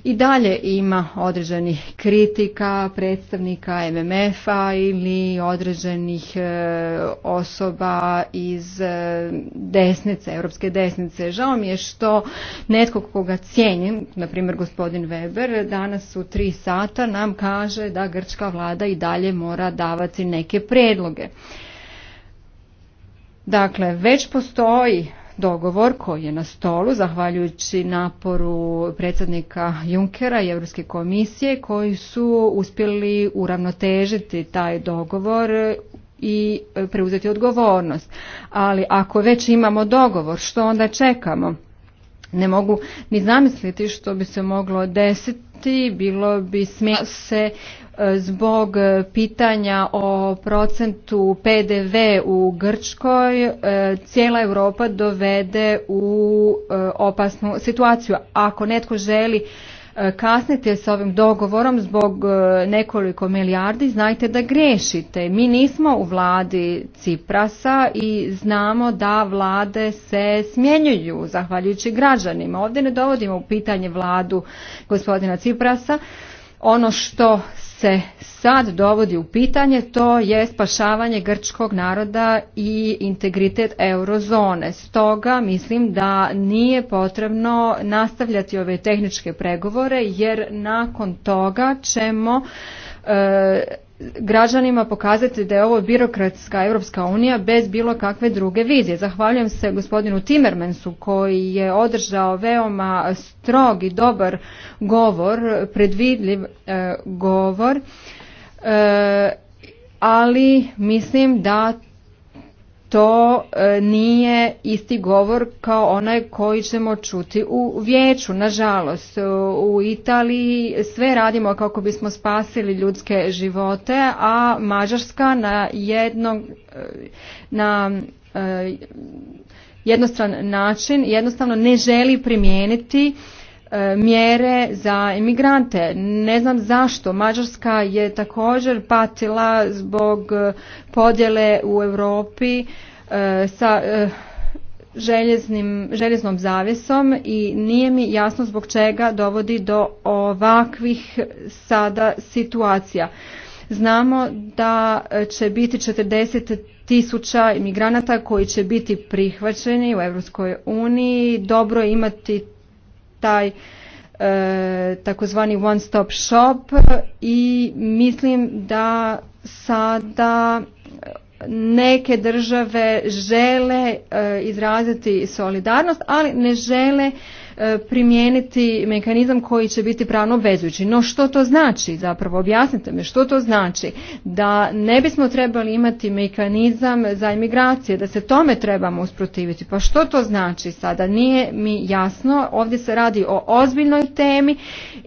i dalje ima određenih kritika predstavnika MMF-a ili određenih e, osoba iz e, desnice, europske desnice. Žao mi je što netko koga cijenim, na primjer gospodin Weber, danas u tri sata nam kaže da grčka vlada i dalje mora davati neke predloge. Dakle, već postoji dogovor koji je na stolu zahvaljujući naporu predsjednika Junkera i Europske komisije koji su uspjeli uravnotežiti taj dogovor i preuzeti odgovornost. Ali ako već imamo dogovor, što onda čekamo? ne mogu ni zamisliti što bi se moglo desiti, bilo bi smijelo se e, zbog pitanja o procentu PDV u Grčkoj e, cijela Europa dovede u e, opasnu situaciju. Ako netko želi E, kasnite s ovim dogovorom zbog e, nekoliko milijardi, znajte da grešite. Mi nismo u vladi Ciprasa i znamo da vlade se smjenjuju zahvaljujući građanima. Ovdje ne dovodimo u pitanje vladu gospodina Ciprasa. Ono što se sad dovodi u pitanje to je spašavanje grčkog naroda i integritet eurozone. Stoga mislim da nije potrebno nastavljati ove tehničke pregovore jer nakon toga ćemo e, građanima pokazati da je ovo birokratska Europska unija bez bilo kakve druge vizije. Zahvaljujem se gospodinu Timmermansu koji je održao veoma strog i dobar govor, predvidljiv e, govor, e, ali mislim da to e, nije isti govor kao onaj koji ćemo čuti u vijeću. Nažalost, e, u Italiji sve radimo kako bismo spasili ljudske živote, a Mađarska na jednom e, na jednostran način jednostavno ne želi primijeniti E, mjere za imigrante. Ne znam zašto. Mađarska je također patila zbog e, podjele u Europi e, sa željeznom zavjesom i nije mi jasno zbog čega dovodi do ovakvih sada situacija. Znamo da će biti 40 tisuća imigranata koji će biti prihvaćeni u Europskoj uniji. Dobro imati taj e, takozvani one stop shop i mislim da sada neke države žele e, izraziti solidarnost, ali ne žele E, primijeniti mehanizam koji će biti pravno obvezujući. No što to znači? Zapravo objasnite mi što to znači da ne bismo trebali imati mehanizam za imigracije, da se tome trebamo usprotiviti. Pa što to znači sada? Nije mi jasno. Ovdje se radi o ozbiljnoj temi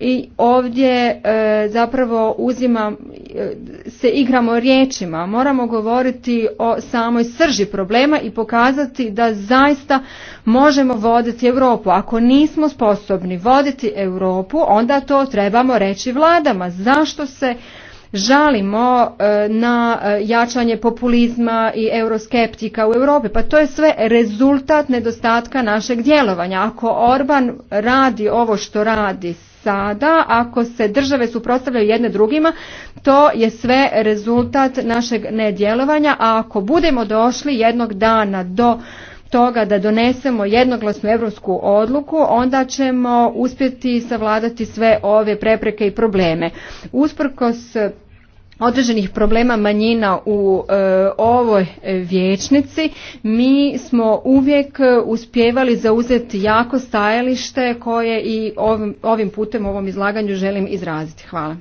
i ovdje e, zapravo uzima e, se igramo riječima. Moramo govoriti o samoj srži problema i pokazati da zaista možemo voditi Europu. Ako nismo sposobni voditi Europu, onda to trebamo reći vladama. Zašto se žalimo e, na e, jačanje populizma i euroskeptika u Europi. Pa to je sve rezultat nedostatka našeg djelovanja. Ako Orban radi ovo što radi sada, ako se države suprotstavljaju jedne drugima, to je sve rezultat našeg nedjelovanja, a ako budemo došli jednog dana do toga da donesemo jednoglasnu europsku odluku, onda ćemo uspjeti savladati sve ove prepreke i probleme. Usprkos određenih problema manjina u e, ovoj vječnici, mi smo uvijek uspjevali zauzeti jako stajalište koje i ovim, ovim putem u ovom izlaganju želim izraziti. Hvala.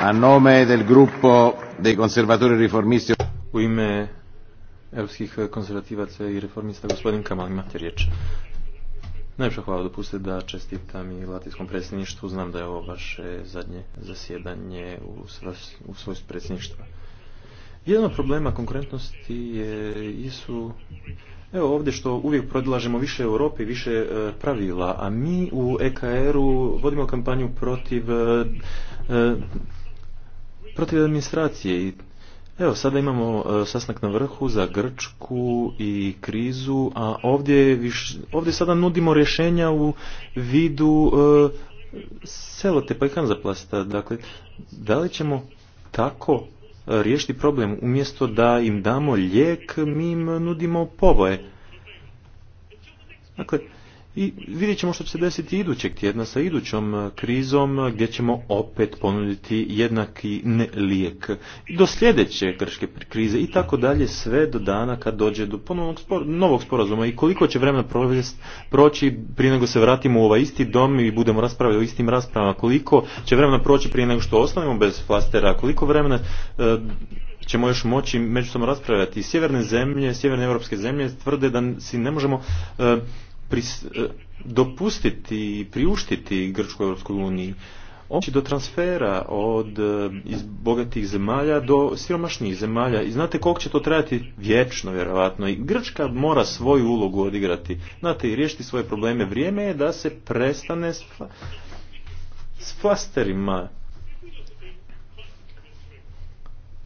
A nome del dei conservatori riformisti u ime europskih konzervativaca i reformista gospodin Kamal imate riječ. hvala dopustite da čestitam i latinskom predsjedništvu. Znam da je ovo vaše zadnje zasjedanje u, svojstvu predsjedništva. Jedan od problema konkurentnosti je isu Evo ovdje što uvijek prodilažemo više Europi, više e, pravila, a mi u EKR-u vodimo kampanju protiv, e, e, protiv administracije i Evo, sada imamo e, sastanak na vrhu za Grčku i krizu, a ovdje, ovdje sada nudimo rješenja u vidu e, te i zaplasta. Dakle, da li ćemo tako e, riješiti problem? Umjesto da im damo lijek, mi im nudimo povoje. Dakle, i vidjet ćemo što će se desiti idućeg tjedna sa idućom e, krizom e, gdje ćemo opet ponuditi jednaki ne lijek. Do sljedeće grške krize i tako dalje sve do dana kad dođe do ponovnog spor, novog sporazuma i koliko će vremena proći prije nego se vratimo u ovaj isti dom i budemo raspravljali o istim raspravama, koliko će vremena proći prije nego što ostanemo bez flastera, koliko vremena e, ćemo još moći međusobno raspravljati. Sjeverne zemlje, sjeverne europske zemlje tvrde da si ne možemo pris, e, dopustiti i priuštiti Grčkoj Europskoj uniji. do transfera od e, iz bogatih zemalja do siromašnijih zemalja. I znate koliko će to trajati? Vječno, vjerojatno. I Grčka mora svoju ulogu odigrati. Znate, i riješiti svoje probleme. Vrijeme je da se prestane s, s flasterima.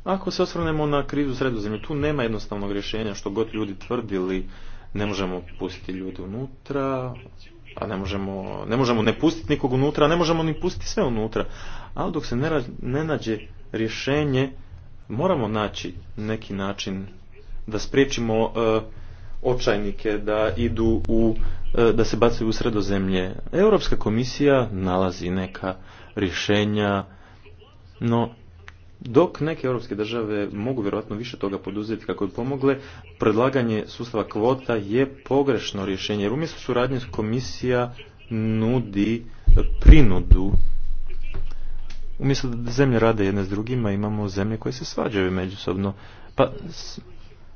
Ako se osvrnemo na krizu sredozemlju, tu nema jednostavnog rješenja što god ljudi tvrdili ne možemo pustiti ljude unutra, a ne možemo, ne možemo ne pustiti nikog unutra, a ne možemo ni pustiti sve unutra. Ali dok se ne, nađe rješenje, moramo naći neki način da spriječimo e, očajnike da idu u e, da se bacaju u sredozemlje. Europska komisija nalazi neka rješenja, no dok neke europske države mogu vjerojatno više toga poduzeti kako bi pomogle, predlaganje sustava kvota je pogrešno rješenje, jer umjesto suradnje komisija nudi prinudu. Umjesto da zemlje rade jedne s drugima, imamo zemlje koje se svađaju međusobno. Pa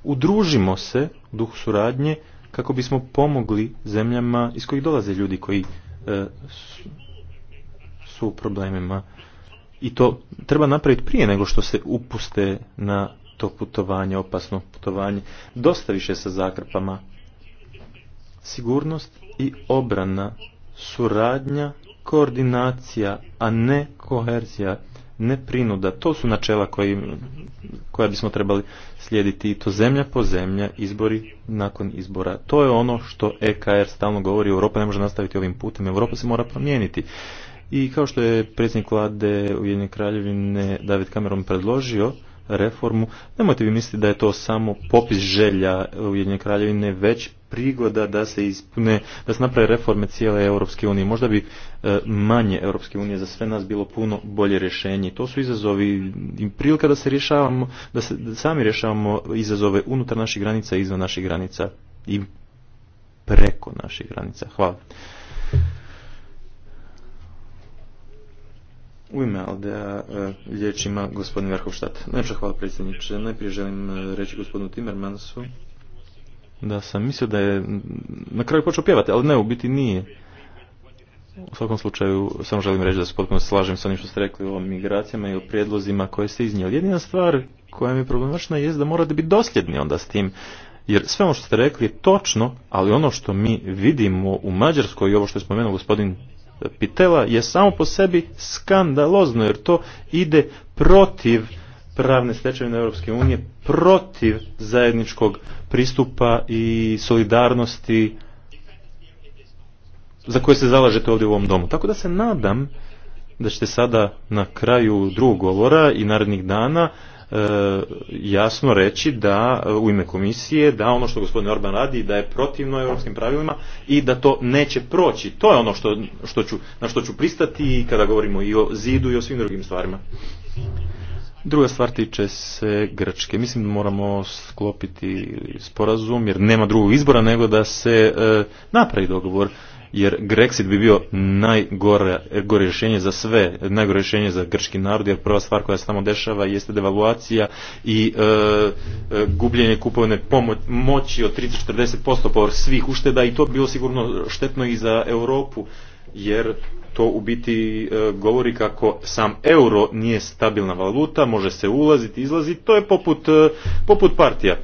udružimo se u duhu suradnje kako bismo pomogli zemljama iz kojih dolaze ljudi koji e, su u problemima i to treba napraviti prije nego što se upuste na to putovanje, opasno putovanje. Dosta više sa zakrpama. Sigurnost i obrana, suradnja, koordinacija, a ne koherzija, ne prinuda. To su načela koji, koja bismo trebali slijediti i to zemlja po zemlja, izbori nakon izbora. To je ono što EKR stalno govori, Europa ne može nastaviti ovim putem, Europa se mora promijeniti. I kao što je predsjednik vlade Ujedinjene kraljevine David Cameron predložio reformu, nemojte vi misliti da je to samo popis želja Ujedinjene kraljevine, već prigoda da se ispune, da se naprave reforme cijele Europske unije. Možda bi e, manje Europske unije za sve nas bilo puno bolje rješenje. To su izazovi i prilika da se rješavamo, da, se, da sami rješavamo izazove unutar naših granica i izvan naših granica i preko naših granica. Hvala. U ime Aldea e, ima gospodin Verhofstadt. Najprije hvala predsjedniče. Najprije želim e, reći gospodinu Timmermansu da sam mislio da je na kraju počeo pjevati, ali ne, u biti nije. U svakom slučaju, samo želim reći da se potpuno slažem s onim što ste rekli o migracijama i o prijedlozima koje ste iznijeli. Jedina stvar koja mi je problematična je da morate biti dosljedni onda s tim. Jer sve ono što ste rekli je točno, ali ono što mi vidimo u Mađarskoj i ovo što je spomenuo gospodin Pitela je samo po sebi skandalozno jer to ide protiv pravne stečevine Europske unije, protiv zajedničkog pristupa i solidarnosti za koje se zalažete ovdje u ovom domu. Tako da se nadam da ćete sada na kraju drugog govora i narednih dana E, jasno reći da u ime komisije da ono što gospodin Orban radi da je protivno europskim pravilima i da to neće proći. To je ono što, što ću, na što ću pristati kada govorimo i o zidu i o svim drugim stvarima. Druga stvar tiče se Grčke. Mislim da moramo sklopiti sporazum jer nema drugog izbora nego da se e, napravi dogovor jer Grexit bi bio najgore gore rješenje za sve, najgore rješenje za grčki narod, jer prva stvar koja se tamo dešava jeste devaluacija i e, e, gubljenje kupovne moći od 30-40% povr svih ušteda i to bi bilo sigurno štetno i za Europu, jer to u biti e, govori kako sam euro nije stabilna valuta, može se ulaziti, izlaziti, to je poput, poput partija.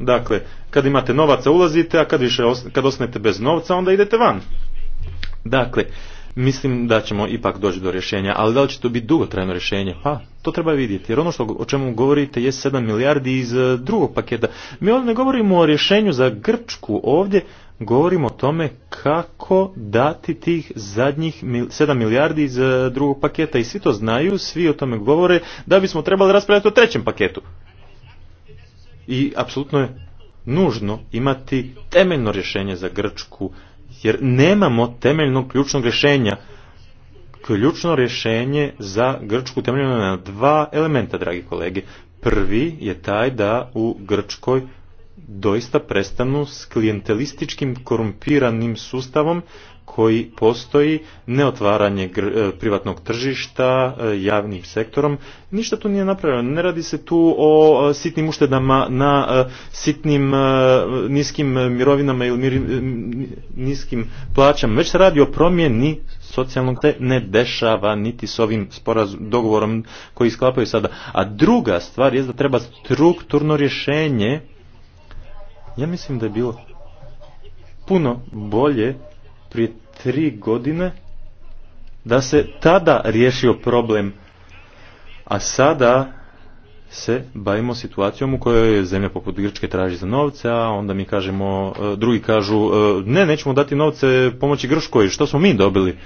Dakle, kad imate novaca ulazite, a kad, više, kad ostanete bez novca onda idete van. Dakle, mislim da ćemo ipak doći do rješenja, ali da li će to biti dugotrajno rješenje? Pa, to treba vidjeti, jer ono što, o čemu govorite je 7 milijardi iz e, drugog paketa. Mi ovdje ne govorimo o rješenju za Grčku, ovdje govorimo o tome kako dati tih zadnjih 7 milijardi iz e, drugog paketa i svi to znaju, svi o tome govore da bismo trebali raspravljati o trećem paketu. I apsolutno je nužno imati temeljno rješenje za Grčku jer nemamo temeljnog ključnog rješenja. Ključno rješenje za Grčku temeljeno na dva elementa, dragi kolege. Prvi je taj da u Grčkoj doista prestanu s klijentelističkim korumpiranim sustavom koji postoji, neotvaranje e, privatnog tržišta e, javnim sektorom, ništa tu nije napravljeno. Ne radi se tu o e, sitnim uštedama na sitnim niskim mirovinama ili niskim plaćama, već se radi o promjeni socijalnog te ne dešava niti s ovim sporazum, dogovorom koji sklapaju sada. A druga stvar je da treba strukturno rješenje ja mislim da je bilo puno bolje prije tri godine da se tada riješio problem, a sada se bavimo situacijom u kojoj zemlja poput Grčke traži za novce, a onda mi kažemo, e, drugi kažu, e, ne, nećemo dati novce pomoći Grškoj, što smo mi dobili?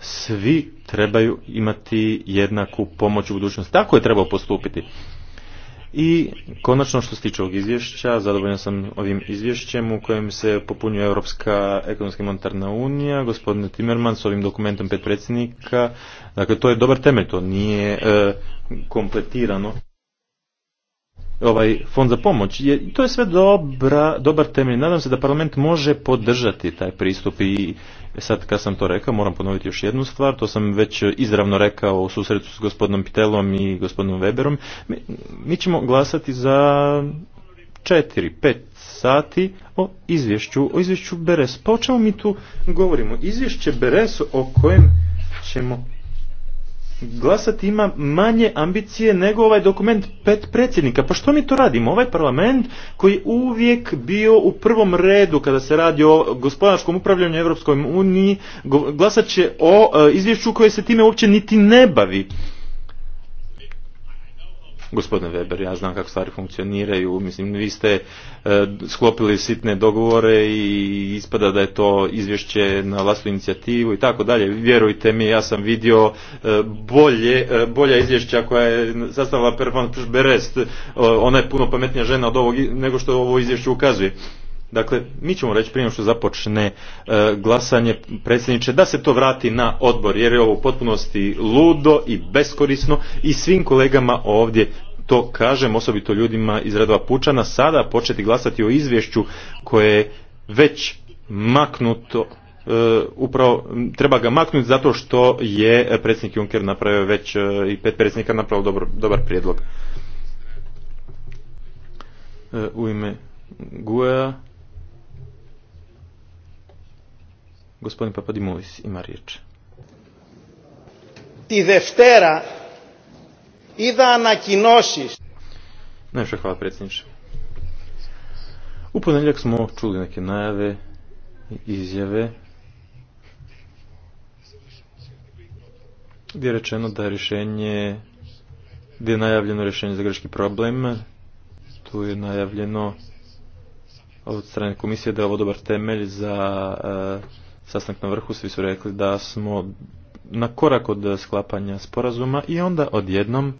Svi trebaju imati jednaku pomoć u budućnosti. Tako je trebao postupiti. I konačno što se tiče ovog izvješća, zadovoljan sam ovim izvješćem u kojem se popunjuje Europska ekonomska i monetarna unija, gospodin Timerman s ovim dokumentom pet predsjednika. Dakle, to je dobar temelj, to nije e, kompletirano. Ovaj fond za pomoć, je, to je sve dobra, dobar temelj. Nadam se da parlament može podržati taj pristup i E sad, kad sam to rekao, moram ponoviti još jednu stvar, to sam već izravno rekao u susretu s gospodinom Pitelom i gospodinom Weberom. Mi, ćemo glasati za 4-5 sati o izvješću, o izvješću Beres. Pa o čemu mi tu govorimo? Izvješće Beres o kojem ćemo glasati ima manje ambicije nego ovaj dokument pet predsjednika. Pa što mi to radimo? Ovaj parlament koji je uvijek bio u prvom redu kada se radi o gospodarskom upravljanju Europskoj uniji, glasat će o e, izvješću koje se time uopće niti ne bavi. Gospodine Weber, ja znam kako stvari funkcioniraju. Mislim, vi ste e, sklopili sitne dogovore i ispada da je to izvješće na vlastnu inicijativu i tako dalje. Vjerujte mi, ja sam vidio e, bolje, e, bolja izvješća koja je sastavila Pervan Berest. Ona je puno pametnija žena od ovog nego što ovo izvješće ukazuje. Dakle, mi ćemo reći prije što započne e, glasanje predsjedniče da se to vrati na odbor jer je ovo u potpunosti ludo i beskorisno i svim kolegama ovdje to kažem, osobito ljudima iz redova Pučana, sada početi glasati o izvješću koje je već maknuto, e, upravo treba ga maknuti zato što je predsjednik Juncker napravio već e, i pet predsjednika napravio dobar prijedlog. u ime Guea. Gospodin Papadimulis ima riječ. Ti deftera i da nakinošiš. Najviše hvala predsjedniče. U ponedjeljak smo čuli neke najave i izjave gdje je rečeno da je rješenje gdje je najavljeno rješenje za greški problem tu je najavljeno od strane komisije da je ovo dobar temelj za eh, sastanak na vrhu, svi su rekli da smo na korak od sklapanja sporazuma i onda odjednom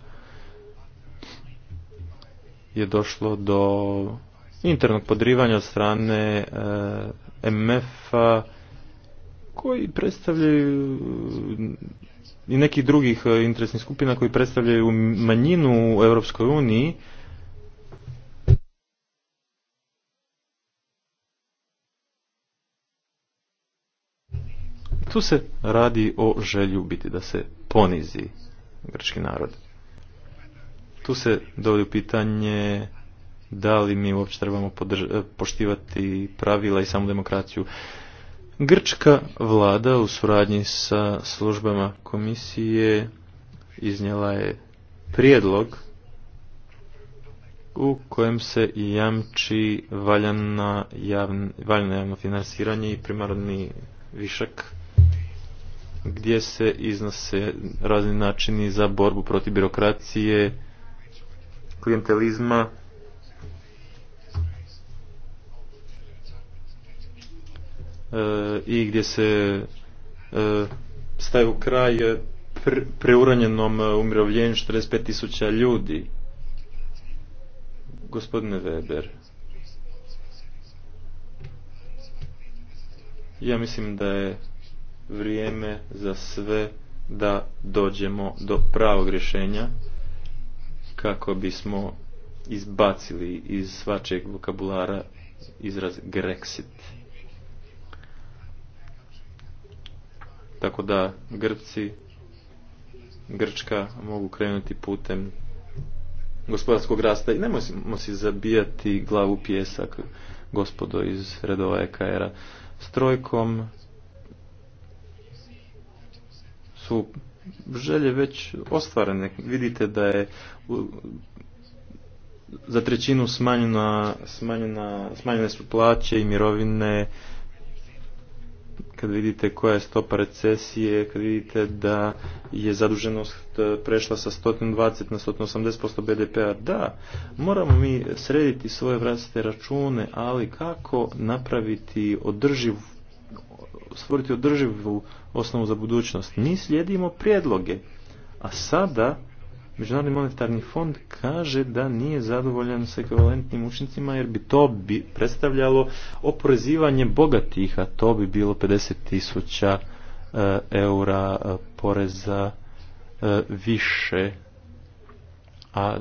je došlo do internog podrivanja od strane e, eh, MF-a koji predstavljaju i nekih drugih eh, interesnih skupina koji predstavljaju manjinu u Europskoj uniji Tu se radi o želju biti da se ponizi grčki narod. Tu se dovodi u pitanje da li mi uopće trebamo eh, poštivati pravila i samu demokraciju. Grčka vlada u suradnji sa službama komisije iznijela je prijedlog u kojem se jamči javno, valjano javno financiranje i primarni višak gdje se iznose razni načini za borbu protiv birokracije, klientelizma, e, i gdje se e, staje u kraj preuranjenom umirovljenju tisuća ljudi. Gospodine Weber, ja mislim da je vrijeme za sve da dođemo do pravog rješenja kako bismo izbacili iz svačeg vokabulara izraz Grexit. Tako da Grci, Grčka mogu krenuti putem gospodarskog rasta i nemojmo si zabijati glavu pjesak gospodo iz redova EKR-a. S trojkom su želje već ostvarene. Vidite da je za trećinu smanjena, smanjena, smanjene su plaće i mirovine, kad vidite koja je stopa recesije, kad vidite da je zaduženost e, prešla sa 120 na 180% BDP-a, da, moramo mi srediti svoje vlastite račune, ali kako napraviti održiv, stvoriti održivu osnovu za budućnost. Mi slijedimo prijedloge, a sada Međunarodni monetarni fond kaže da nije zadovoljan s ekvivalentnim učincima jer bi to bi predstavljalo oporezivanje bogatih, a to bi bilo 50.000 tisuća e, eura e, poreza e, više, a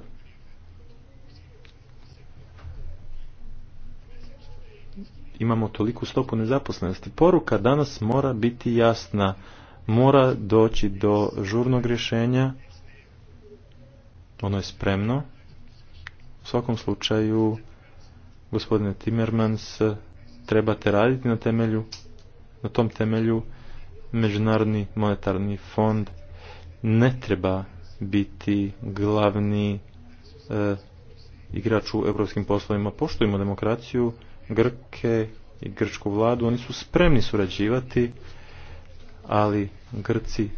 imamo toliku stopu nezaposlenosti. Poruka danas mora biti jasna, mora doći do žurnog rješenja, ono je spremno. U svakom slučaju, gospodine Timmermans, trebate raditi na temelju, na tom temelju Međunarodni monetarni fond ne treba biti glavni eh, igrač u europskim poslovima. Poštujemo demokraciju, Grke i grčku vladu, oni su spremni surađivati, ali Grci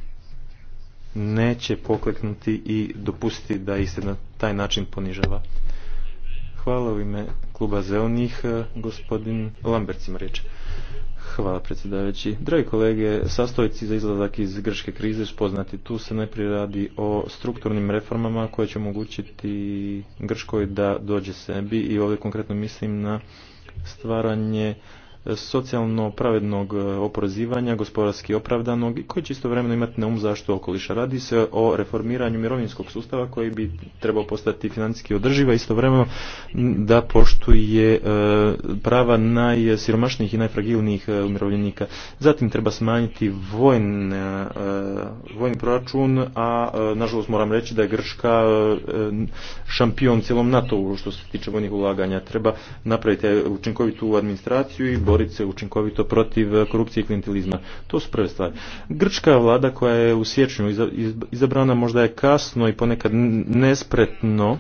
neće pokleknuti i dopustiti da ih se na taj način ponižava. Hvala u ime kluba Zelnih, e, gospodin Lambert ima riječ. Hvala predsjedavajući. Dragi kolege, sastojci za izlazak iz grčke krize su poznati. Tu se najprije radi o strukturnim reformama koje će omogućiti Grčkoj da dođe sebi i ovdje konkretno mislim na stvaranje socijalno pravednog e, oporezivanja, gospodarski opravdanog i koji će istovremeno imati na um zaštitu okoliša. Radi se o reformiranju mirovinskog sustava koji bi trebao postati financijski održiva istovremeno da poštuje e, prava najsiromašnijih i najfragilnijih e, umirovljenika. Zatim treba smanjiti vojni proračun, a nažalost moram reći da je Grška šampion cijelom NATO-u što se tiče vojnih ulaganja. Treba napraviti učinkovitu administraciju i boriti se učinkovito protiv eh, korupcije i klientelizma. To su prve stvari. Grčka vlada koja je u siječnju izabrana možda je kasno i ponekad nespretno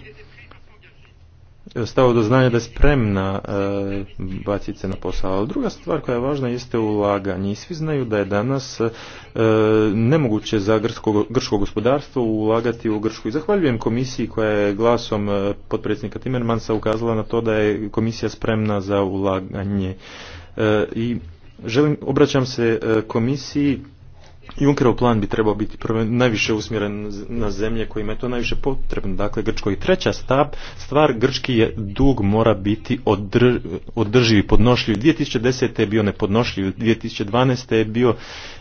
eh, stao do znanja da je spremna e, eh, baciti se na posao. Ali druga stvar koja je važna jeste ulaganje. I svi znaju da je danas nemoguće za grško, grško gospodarstvo ulagati u Gršku. I zahvaljujem komisiji koja je glasom e, potpredsjednika Timmermansa ukazala na to da je komisija spremna za ulaganje. E, i želim, obraćam se e, komisiji Junkerov plan bi trebao biti prve, najviše usmjeren na zemlje kojima je to najviše potrebno, dakle Grčko. I treća stab, stvar, grčki je dug mora biti održivi, održiv i podnošljiv. 2010. je bio nepodnošljiv, 2012. je bio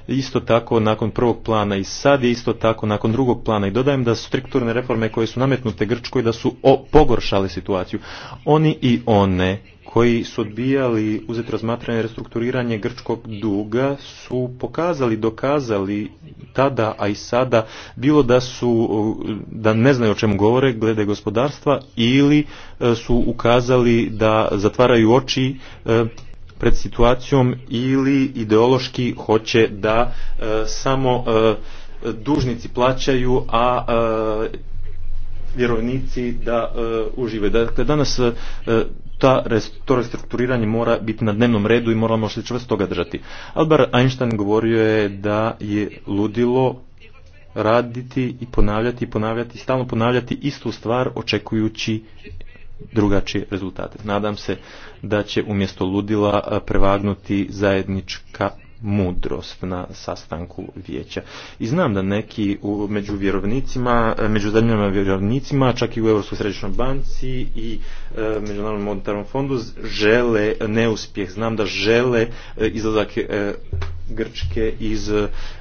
isto tako nakon prvog plana i sad je isto tako nakon drugog plana. I dodajem da strukturne reforme koje su nametnute Grčkoj da su pogoršale situaciju. Oni i one koji su odbijali uzeti razmatranje restrukturiranje grčkog duga su pokazali, dokazali tada, a i sada, bilo da su, da ne znaju o čemu govore glede gospodarstva ili e, su ukazali da zatvaraju oči e, pred situacijom ili ideološki hoće da e, samo dužnici plaćaju, a vjerovnici da užive. Dakle, danas ta, to restrukturiranje mora biti na dnevnom redu i moramo se čvrsto toga držati. Albert Einstein govorio je da je ludilo raditi i ponavljati i ponavljati, stalno ponavljati istu stvar očekujući drugačije rezultate. Nadam se da će umjesto ludila prevagnuti zajednička mudrost na sastanku vijeća. I znam da neki u, među vjerovnicima, e, među zemljama vjerovnicima, čak i u Europskoj središnjoj banci i e, Međunarodnom monetarnom fondu žele neuspjeh. Znam da žele e, izlazak e, Grčke iz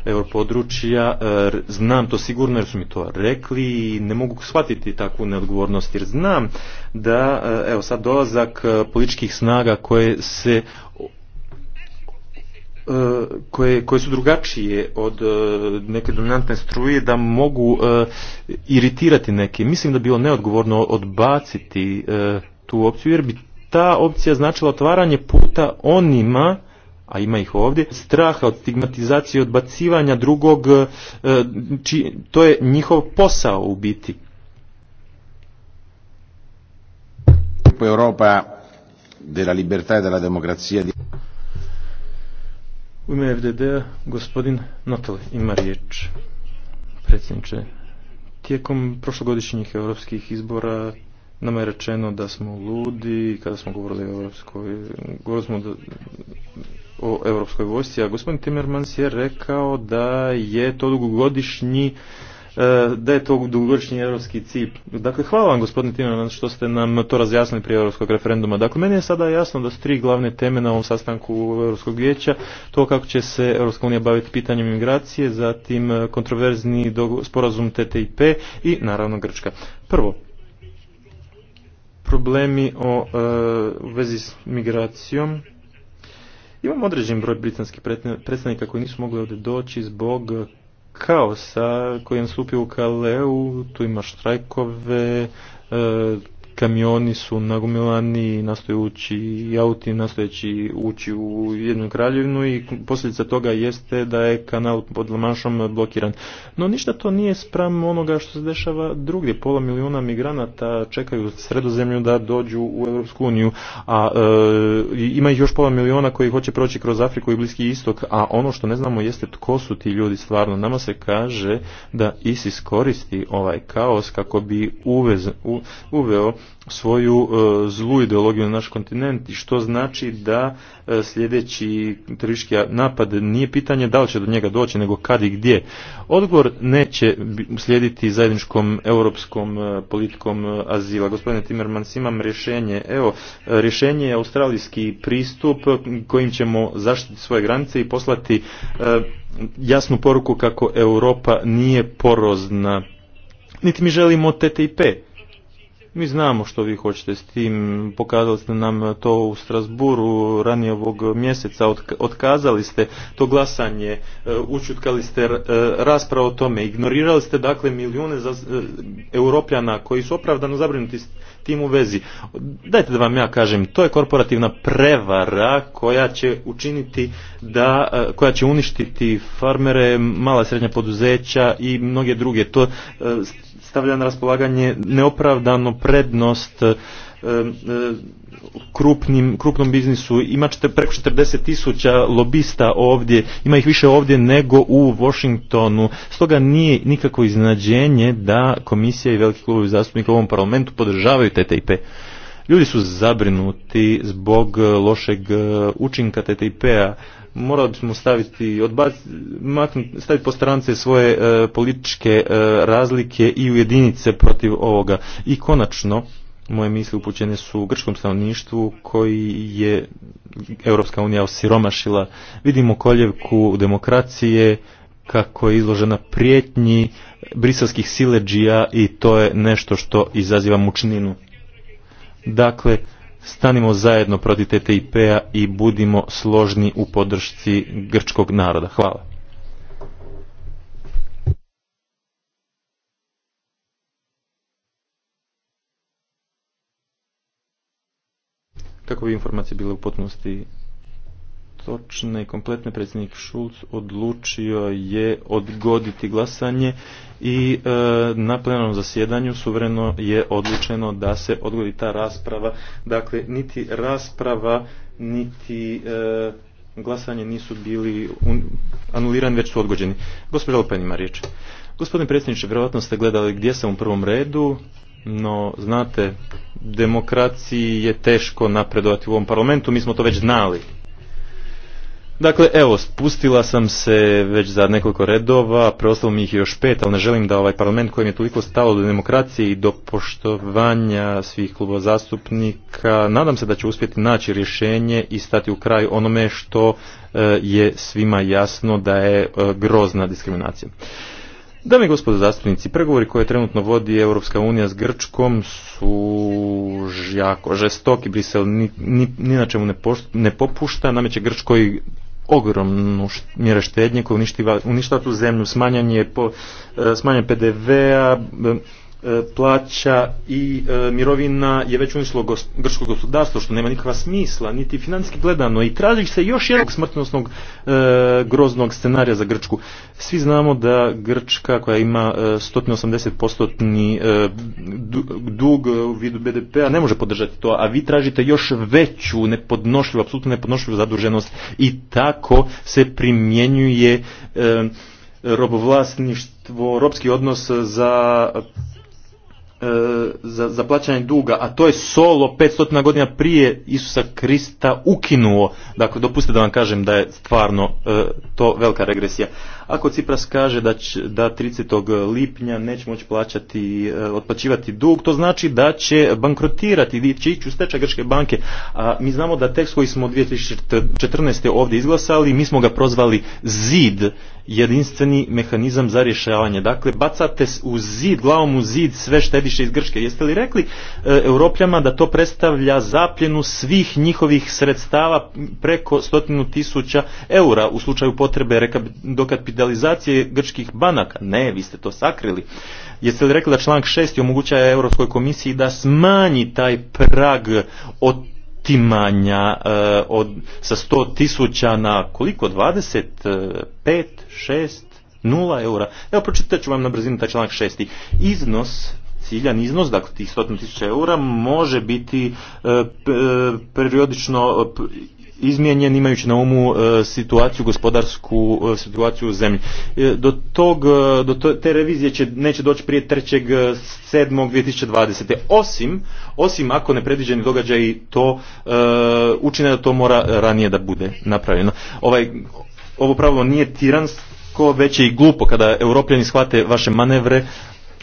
europodručja. Znam to sigurno jer su mi to rekli i ne mogu shvatiti takvu neodgovornost jer znam da evo sad dolazak političkih snaga koje se E, koje, su drugačije od e, neke dominantne struje da mogu e, iritirati neke. Mislim da bi bilo neodgovorno odbaciti tu opciju jer bi ta opcija značila otvaranje puta onima a ima ih ovdje, straha od stigmatizacije, odbacivanja drugog, to je njihov posao u biti. Europa della libertà e della democrazia u ime FDD-a gospodin Notel ima riječ. Predsjedniče, tijekom prošlogodišnjih europskih izbora nama je rečeno da smo ludi kada smo govorili o europskoj, govorili o europskoj vojsci, a gospodin Timmermans je rekao da je to dugogodišnji E, da je to dugoročni europski cilj. Dakle, hvala vam gospodine Timerman što ste nam to razjasnili prije europskog referenduma. Dakle, meni je sada jasno da su tri glavne teme na ovom sastanku Europskog vijeća, to kako će se Europska unija baviti pitanjem migracije, zatim e, kontroverzni sporazum TTIP i naravno Grčka. Prvo, problemi o, e, u vezi s migracijom, Imamo određen broj britanskih predstavnika koji nisu mogli ovdje doći zbog kaosa koji je nastupio u Kaleu, tu ima štrajkove, e, kamioni su nagomilani i nastoje ući i auti nastojeći ući u jednu kraljevinu i posljedica toga jeste da je kanal pod Lamanšom blokiran. No ništa to nije spram onoga što se dešava drugdje. Pola milijuna migranata čekaju sredozemlju da dođu u Europsku uniju, a e, ima ih još pola milijuna koji hoće proći kroz Afriku i Bliski istok, a ono što ne znamo jeste tko su ti ljudi stvarno. Nama se kaže da ISIS koristi ovaj kaos kako bi uvez, u, uveo svoju e, zlu ideologiju na naš kontinent i što znači da e, sljedeći teroristički napad nije pitanje da li će do njega doći nego kad i gdje. Odgovor neće slijediti zajedničkom europskom e, politikom azila. Gospodine Timmermans, imam rješenje. Evo, rješenje je australijski pristup kojim ćemo zaštiti svoje granice i poslati jasnu poruku kako Europa nije porozna. Niti mi želimo TTIP mi znamo što vi hoćete s tim, pokazali ste nam to u Strasburu ranije ovog mjeseca, otkazali ste to glasanje, e, učutkali ste e, raspravu o tome, ignorirali ste dakle milijune e, europljana koji su opravdano zabrinuti s tim u vezi. Dajte da vam ja kažem, to je korporativna prevara koja će učiniti da, koja će uništiti farmere, mala srednja poduzeća i mnoge druge. To stavlja na raspolaganje neopravdano prednost e, e, krupnim, krupnom biznisu. Ima preko 40 tisuća lobista ovdje, ima ih više ovdje nego u Washingtonu. Stoga nije nikako iznenađenje da komisija i veliki klubovi zastupnika u ovom parlamentu podržavaju TTIP. Ljudi su zabrinuti zbog lošeg e, učinka TTIP-a morali bismo staviti, odbac, staviti po strance svoje e, političke e, razlike i ujedinice protiv ovoga. I konačno, moje misli upućene su u grčkom stanovništvu koji je Europska unija osiromašila. Vidimo koljevku demokracije kako je izložena prijetnji briselskih sileđija i to je nešto što izaziva mučninu. Dakle, stanimo zajedno protiv TTIP-a i budimo složni u podršci grčkog naroda. Hvala. Kako bi informacije bile u potpunosti točne i kompletne predsjednik Šulc odlučio je odgoditi glasanje i e, na plenarnom zasjedanju suvremeno je odlučeno da se odgodi ta rasprava. Dakle, niti rasprava, niti e, glasanje nisu bili anulirani, već su odgođeni. Gospodin Lopan ima riječ. Gospodine predsjedniče, vjerojatno ste gledali gdje sam u prvom redu, no znate, demokraciji je teško napredovati u ovom parlamentu, mi smo to već znali. Dakle, evo, spustila sam se već za nekoliko redova, preostalo mi ih još pet, ali ne želim da ovaj parlament kojem je toliko stalo do demokracije i do poštovanja svih klubova zastupnika, nadam se da će uspjeti naći rješenje i stati u kraj onome što e, je svima jasno da je e, grozna diskriminacija. Dame i gospodo zastupnici, pregovori koje trenutno vodi Europska unija s Grčkom su jako žestoki, Brisel ni, ni, na čemu ne, ne popušta, nameće Grčkoj ogromnu mjere štednje koja uništava tu zemlju, smanjanje, po, e, smanjanje PDV-a, E, plaća i e, mirovina je već unislo grčko gospodarstvo što nema nikakva smisla niti financijski gledano i traži se još jednog smrtnosnog e, groznog scenarija za Grčku. Svi znamo da Grčka koja ima 180% dug u vidu BDP-a ne može podržati to, a vi tražite još veću nepodnošljivu, apsolutno nepodnošljivu zaduženost i tako se primjenjuje robovlasništvo, robski odnos za E, za, za plaćanje duga, a to je solo 500 godina prije Isusa Krista ukinuo. Dakle, dopustite da vam kažem da je stvarno e, to velika regresija. Ako Cipras kaže da, će, da 30. lipnja neće moći plaćati, e, otplaćivati dug, to znači da će bankrotirati, će ići u stečaj Grčke banke. A mi znamo da tekst koji smo 2014. ovdje izglasali, mi smo ga prozvali zid, jedinstveni mehanizam za rješavanje. Dakle, bacate u zid, glavom u zid sve štedi središte iz Grčke. Jeste li rekli e, Europljama da to predstavlja zapljenu svih njihovih sredstava preko stotinu tisuća eura u slučaju potrebe dokapitalizacije grčkih banaka? Ne, vi ste to sakrili. Jeste li rekli da članak 6. omogućava Europskoj komisiji da smanji taj prag od otimanja e, od, sa 100 tisuća na koliko? 25, 6, 0 eura. Evo pročitat ću vam na brzinu taj članak 6. Iznos ciljan iznos, dakle tih 100.000 eura, može biti e, e, periodično e, izmijenjen imajući na umu situaciju gospodarsku situaciju u zemlji. Do, tog, do te revizije će, neće doći prije 3.7.2020. Osim, osim ako nepredviđeni događaji to učine da to mora ranije da bude napravljeno. Ovaj, ovo pravilo nije tiransko, već je i glupo kada europljani shvate vaše manevre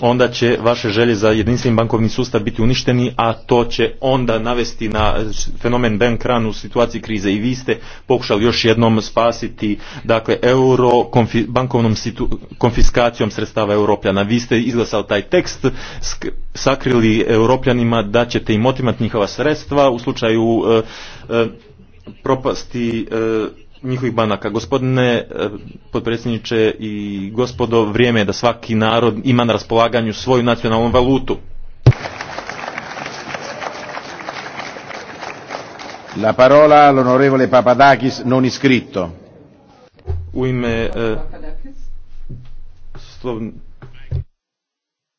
onda će vaše želje za jedinstveni bankovni sustav biti uništeni, a to će onda navesti na fenomen bank run u situaciji krize. I vi ste pokušali još jednom spasiti dakle, euro bankovnom konfiskacijom sredstava europljana. Vi ste izglasali taj tekst, sakrili europljanima da ćete im otimati njihova sredstva u slučaju e, e, propasti e, njihovih banaka. Gospodine eh, potpredsjedniče i gospodo, vrijeme je da svaki narod ima na raspolaganju svoju nacionalnu valutu. La parola l'onorevole Papadakis non iscritto. U ime eh,